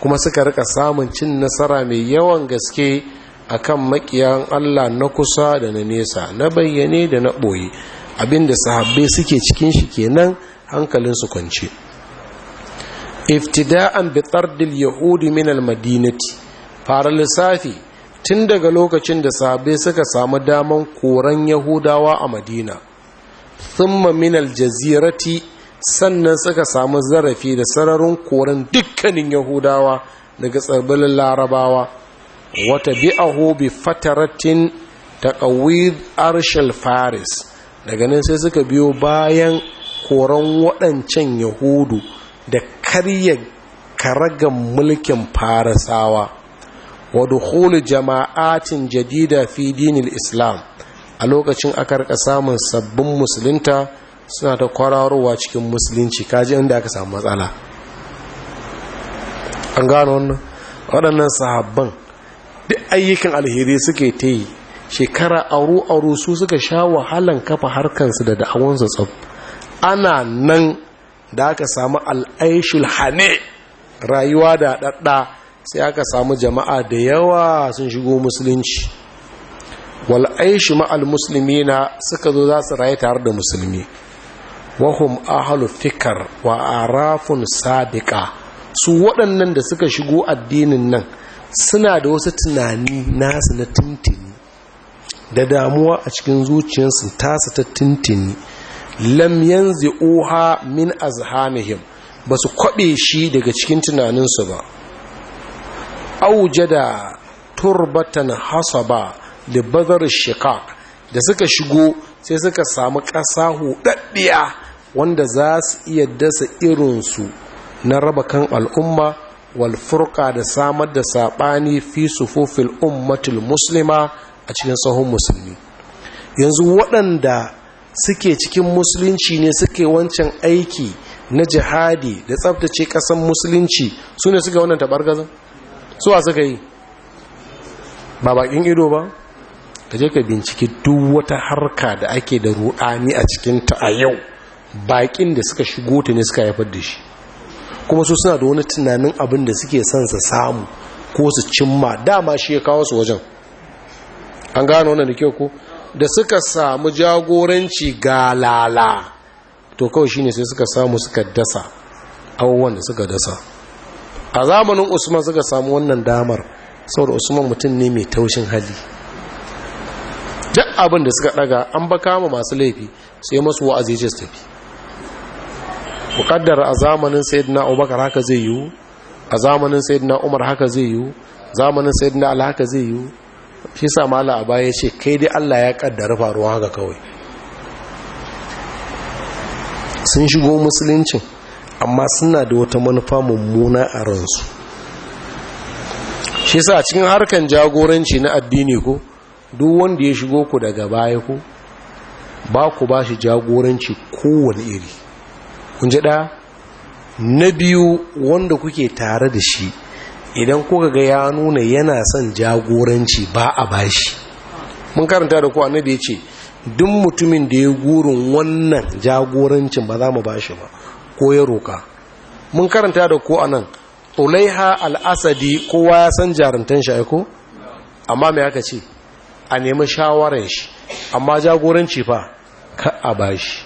kuma suka rika samun cin nasara mai yawan gaske akan makiyan Allah na kusa da na nesa na bayyane da na ɓoye abinda sahabbai suke cikin shi kenan hankalinsu kwance iftida'an bi tsardil yahudi min madinati fara lissafi tun daga lokacin da sabe suka samu daman koran yahudawa a madina thumma min jazirati sannan suka samu zarafi da sararin koran dukkanin yahudawa daga tsibirin larabawa wata bi'ahu bi fataratin taqawid arshal faris daga nan sai suka biyo bayan koran waɗancan yahudu da karya karagan mulkin farisawa wadda dukhulu jama'atin jadida fi dinil islam a lokacin aka rika samun sabbin musulunta suna ta kwararowa cikin musulunci kaji inda aka samu matsala an gano wannan waɗannan sahabban duk ayyukan alheri suke ta yi shekara aru-aru su suka sha wahalan kafa harkansu da da'awunsa tsab ana nan da aka samu al'aishul hane rayuwa da ɗaɗɗa sai aka samu jama'a da yawa sun shigo musulunci wal'aishi ma'al musulmi na suka zo za su rayu tare da musulmi wahum ahalu fikar wa arafun sadika su waɗannan da suka shigo addinin nan suna da wasu tunani nasu na tuntuni da damuwa a cikin zuciyarsu tasu ta tuntuni. lam uha min azhanihim ba su kwaɓe shi daga cikin tunaninsu ba aujada turbatan ba da bazar shika da suka shigo sai suka samu ƙasa huɗaɗɗiya wanda za su iya dasa irinsu na raba kan al'umma walfurka da samar da saɓani fi sufufil ummatul muslima a cikin sahun musulmi yanzu waɗanda suke cikin musulunci ne suke wancan aiki na jihadi da tsabtace kasan musulunci su ne suka wannan tabargazan a suka yi ba bakin ido ba ka je ka binciki duk wata harka da ake da ru'ani a cikin ta a yau bakin da suka shigo ta ne suka haifar da shi kuma su suna da wani tunanin abin da suke son su samu ko su cimma dama shi ya kawo su wajen an gano wannan da kyau ko da suka samu jagoranci galala to kawai shine sai suka samu suka dasa abubuwan da suka dasa a zamanin usman suka samu wannan damar saboda usman mutum ne mai taushin hali duk abin da suka daga an ba kama masu laifi sai masu wa'azi ce tafi bukadar a zamanin sayyidina abubakar haka zai yiwu a zamanin sayyidina umar haka zai yiwu zamanin sayyidina ali haka zai yiwu shi sa mala a baya ce kai dai allah ya kaddara faruwa haka kawai sun shigo musuluncin amma suna da wata manufa mummuna a ransu shi sa cikin harkan jagoranci na addini ko duk wanda ya shigo ku daga baya ko ba ku ba shi jagoranci kowane iri kun ji ɗaya na biyu wanda kuke tare da shi idan kuka ga ya nuna yana son jagoranci ba a bashi mun karanta da ku da ya ce duk mutumin da ya gurin wannan jagorancin ba za mu bashi ba ko ya roka mun karanta da ku nan, ulaiha al-asadi kowa ya san jarantan shi aiko amma me aka ce a nemi shawarar shi amma jagoranci fa ka a bashi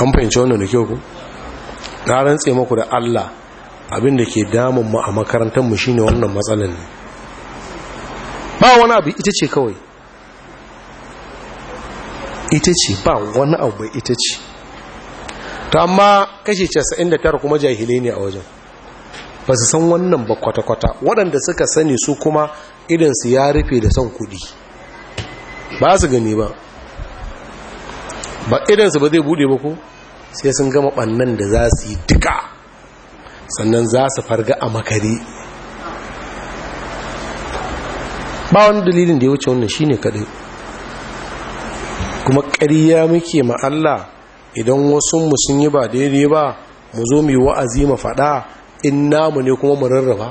an fahimci wannan da kyau ku na rantse maku da Allah abinda ke damun mu a makarantar mu shine wannan matsalan ne ba wani abu ita ce kawai ita ce ba wani abu bai ita ce to amma kashi 99 kuma jahilai ne a wajen ba su san wannan ba kwata-kwata waɗanda suka sani su kuma idansu ya rufe da son kuɗi ba su gani ba ba idansu ba zai bude ba ko sai sun gama bannan da za su yi duka sannan za su farga a makare ba wani dalilin da ya wuce wannan shine kaɗai kuma ƙariya muke ma'alla idan wasu sun yi ba daidai ba mu zo mu wa'azi ma faɗa in namu ne kuma mu rarraba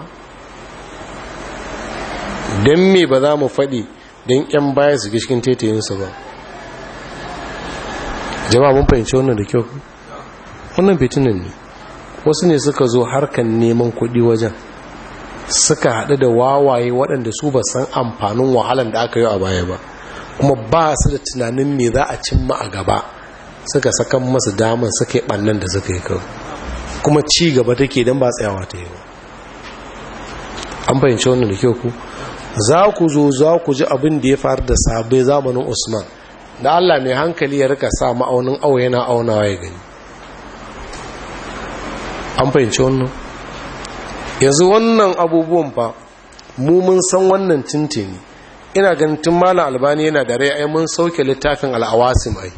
don me ba za mu faɗi don ƴan baya su cikin taitayinsu ba jama'a mun fahimci wannan da kyau wannan fitinan ne wasu ne suka zo harkan neman kuɗi wajen suka haɗu da wawaye waɗanda su ba san amfanin wahalan da aka yi a baya ba kuma ba su da tunanin me za a cimma a gaba suka sakan masu damar suka yi ɓannan da suka yi kawo kuma ci gaba take don ba tsayawa ta yi an fahimci wannan da kyau ku za ku zo za ku ji abin da ya faru da sabai zamanin usman da allah mai hankali ya rika sa ma'aunin au yana aunawa ya gani an fahimci wannan yanzu wannan abubuwan fa mu mun san wannan tintini ina ganin tun malam albani yana da rai ai mun sauke littafin al'awasim ai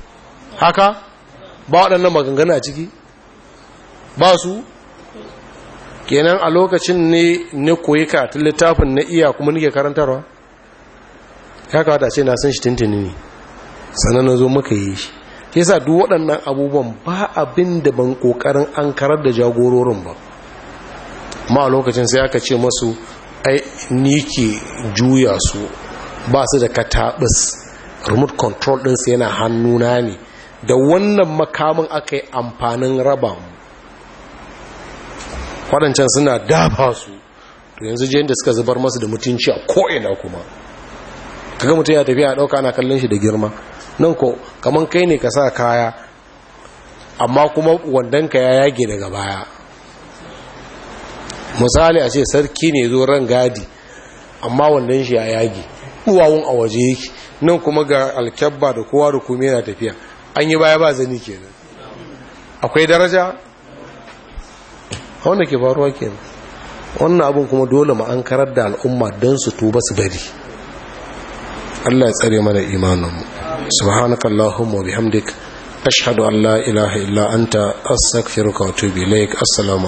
haka ba waɗannan maganganu a ciki ba su kenan a lokacin ne ne koyi karatun littafin na iya kuma nike karantarwa ya kawata ce na san shi tintini ne sannan na zo muka yi shi yasa duk waɗannan abubuwan ba abin da ban ƙoƙarin an karar da jagororin ba ma a lokacin sai aka ce masu ai ni ke juya su ba su da katabis remote control ɗinsu yana hannuna ne da wannan makamin aka yi amfanin raba mu waɗancan suna dafa su to yanzu jiyan da suka zubar masu da mutunci a ko'ina kuma kaga mutum ya tafiya a ɗauka ana kallon shi da girma nan ko kaman kai ne ka sa kaya amma kuma ka ya yage daga baya misali a ce sarki ne zo ran gadi amma wandon shi ya yage uwawun a waje yake nan kuma ga alkyabba da kowa da kuma yana tafiya an yi baya ba zani kenan akwai daraja A wanda ke faruwa kenan wannan abin kuma dole ma'an karar da al'umma don su tuba su bari Allah ya tsare mana imaninmu subhanakallahumma bihamdik ashhadu an la ilaha illa anta astaghfiruka wa atubu ilaik assalamu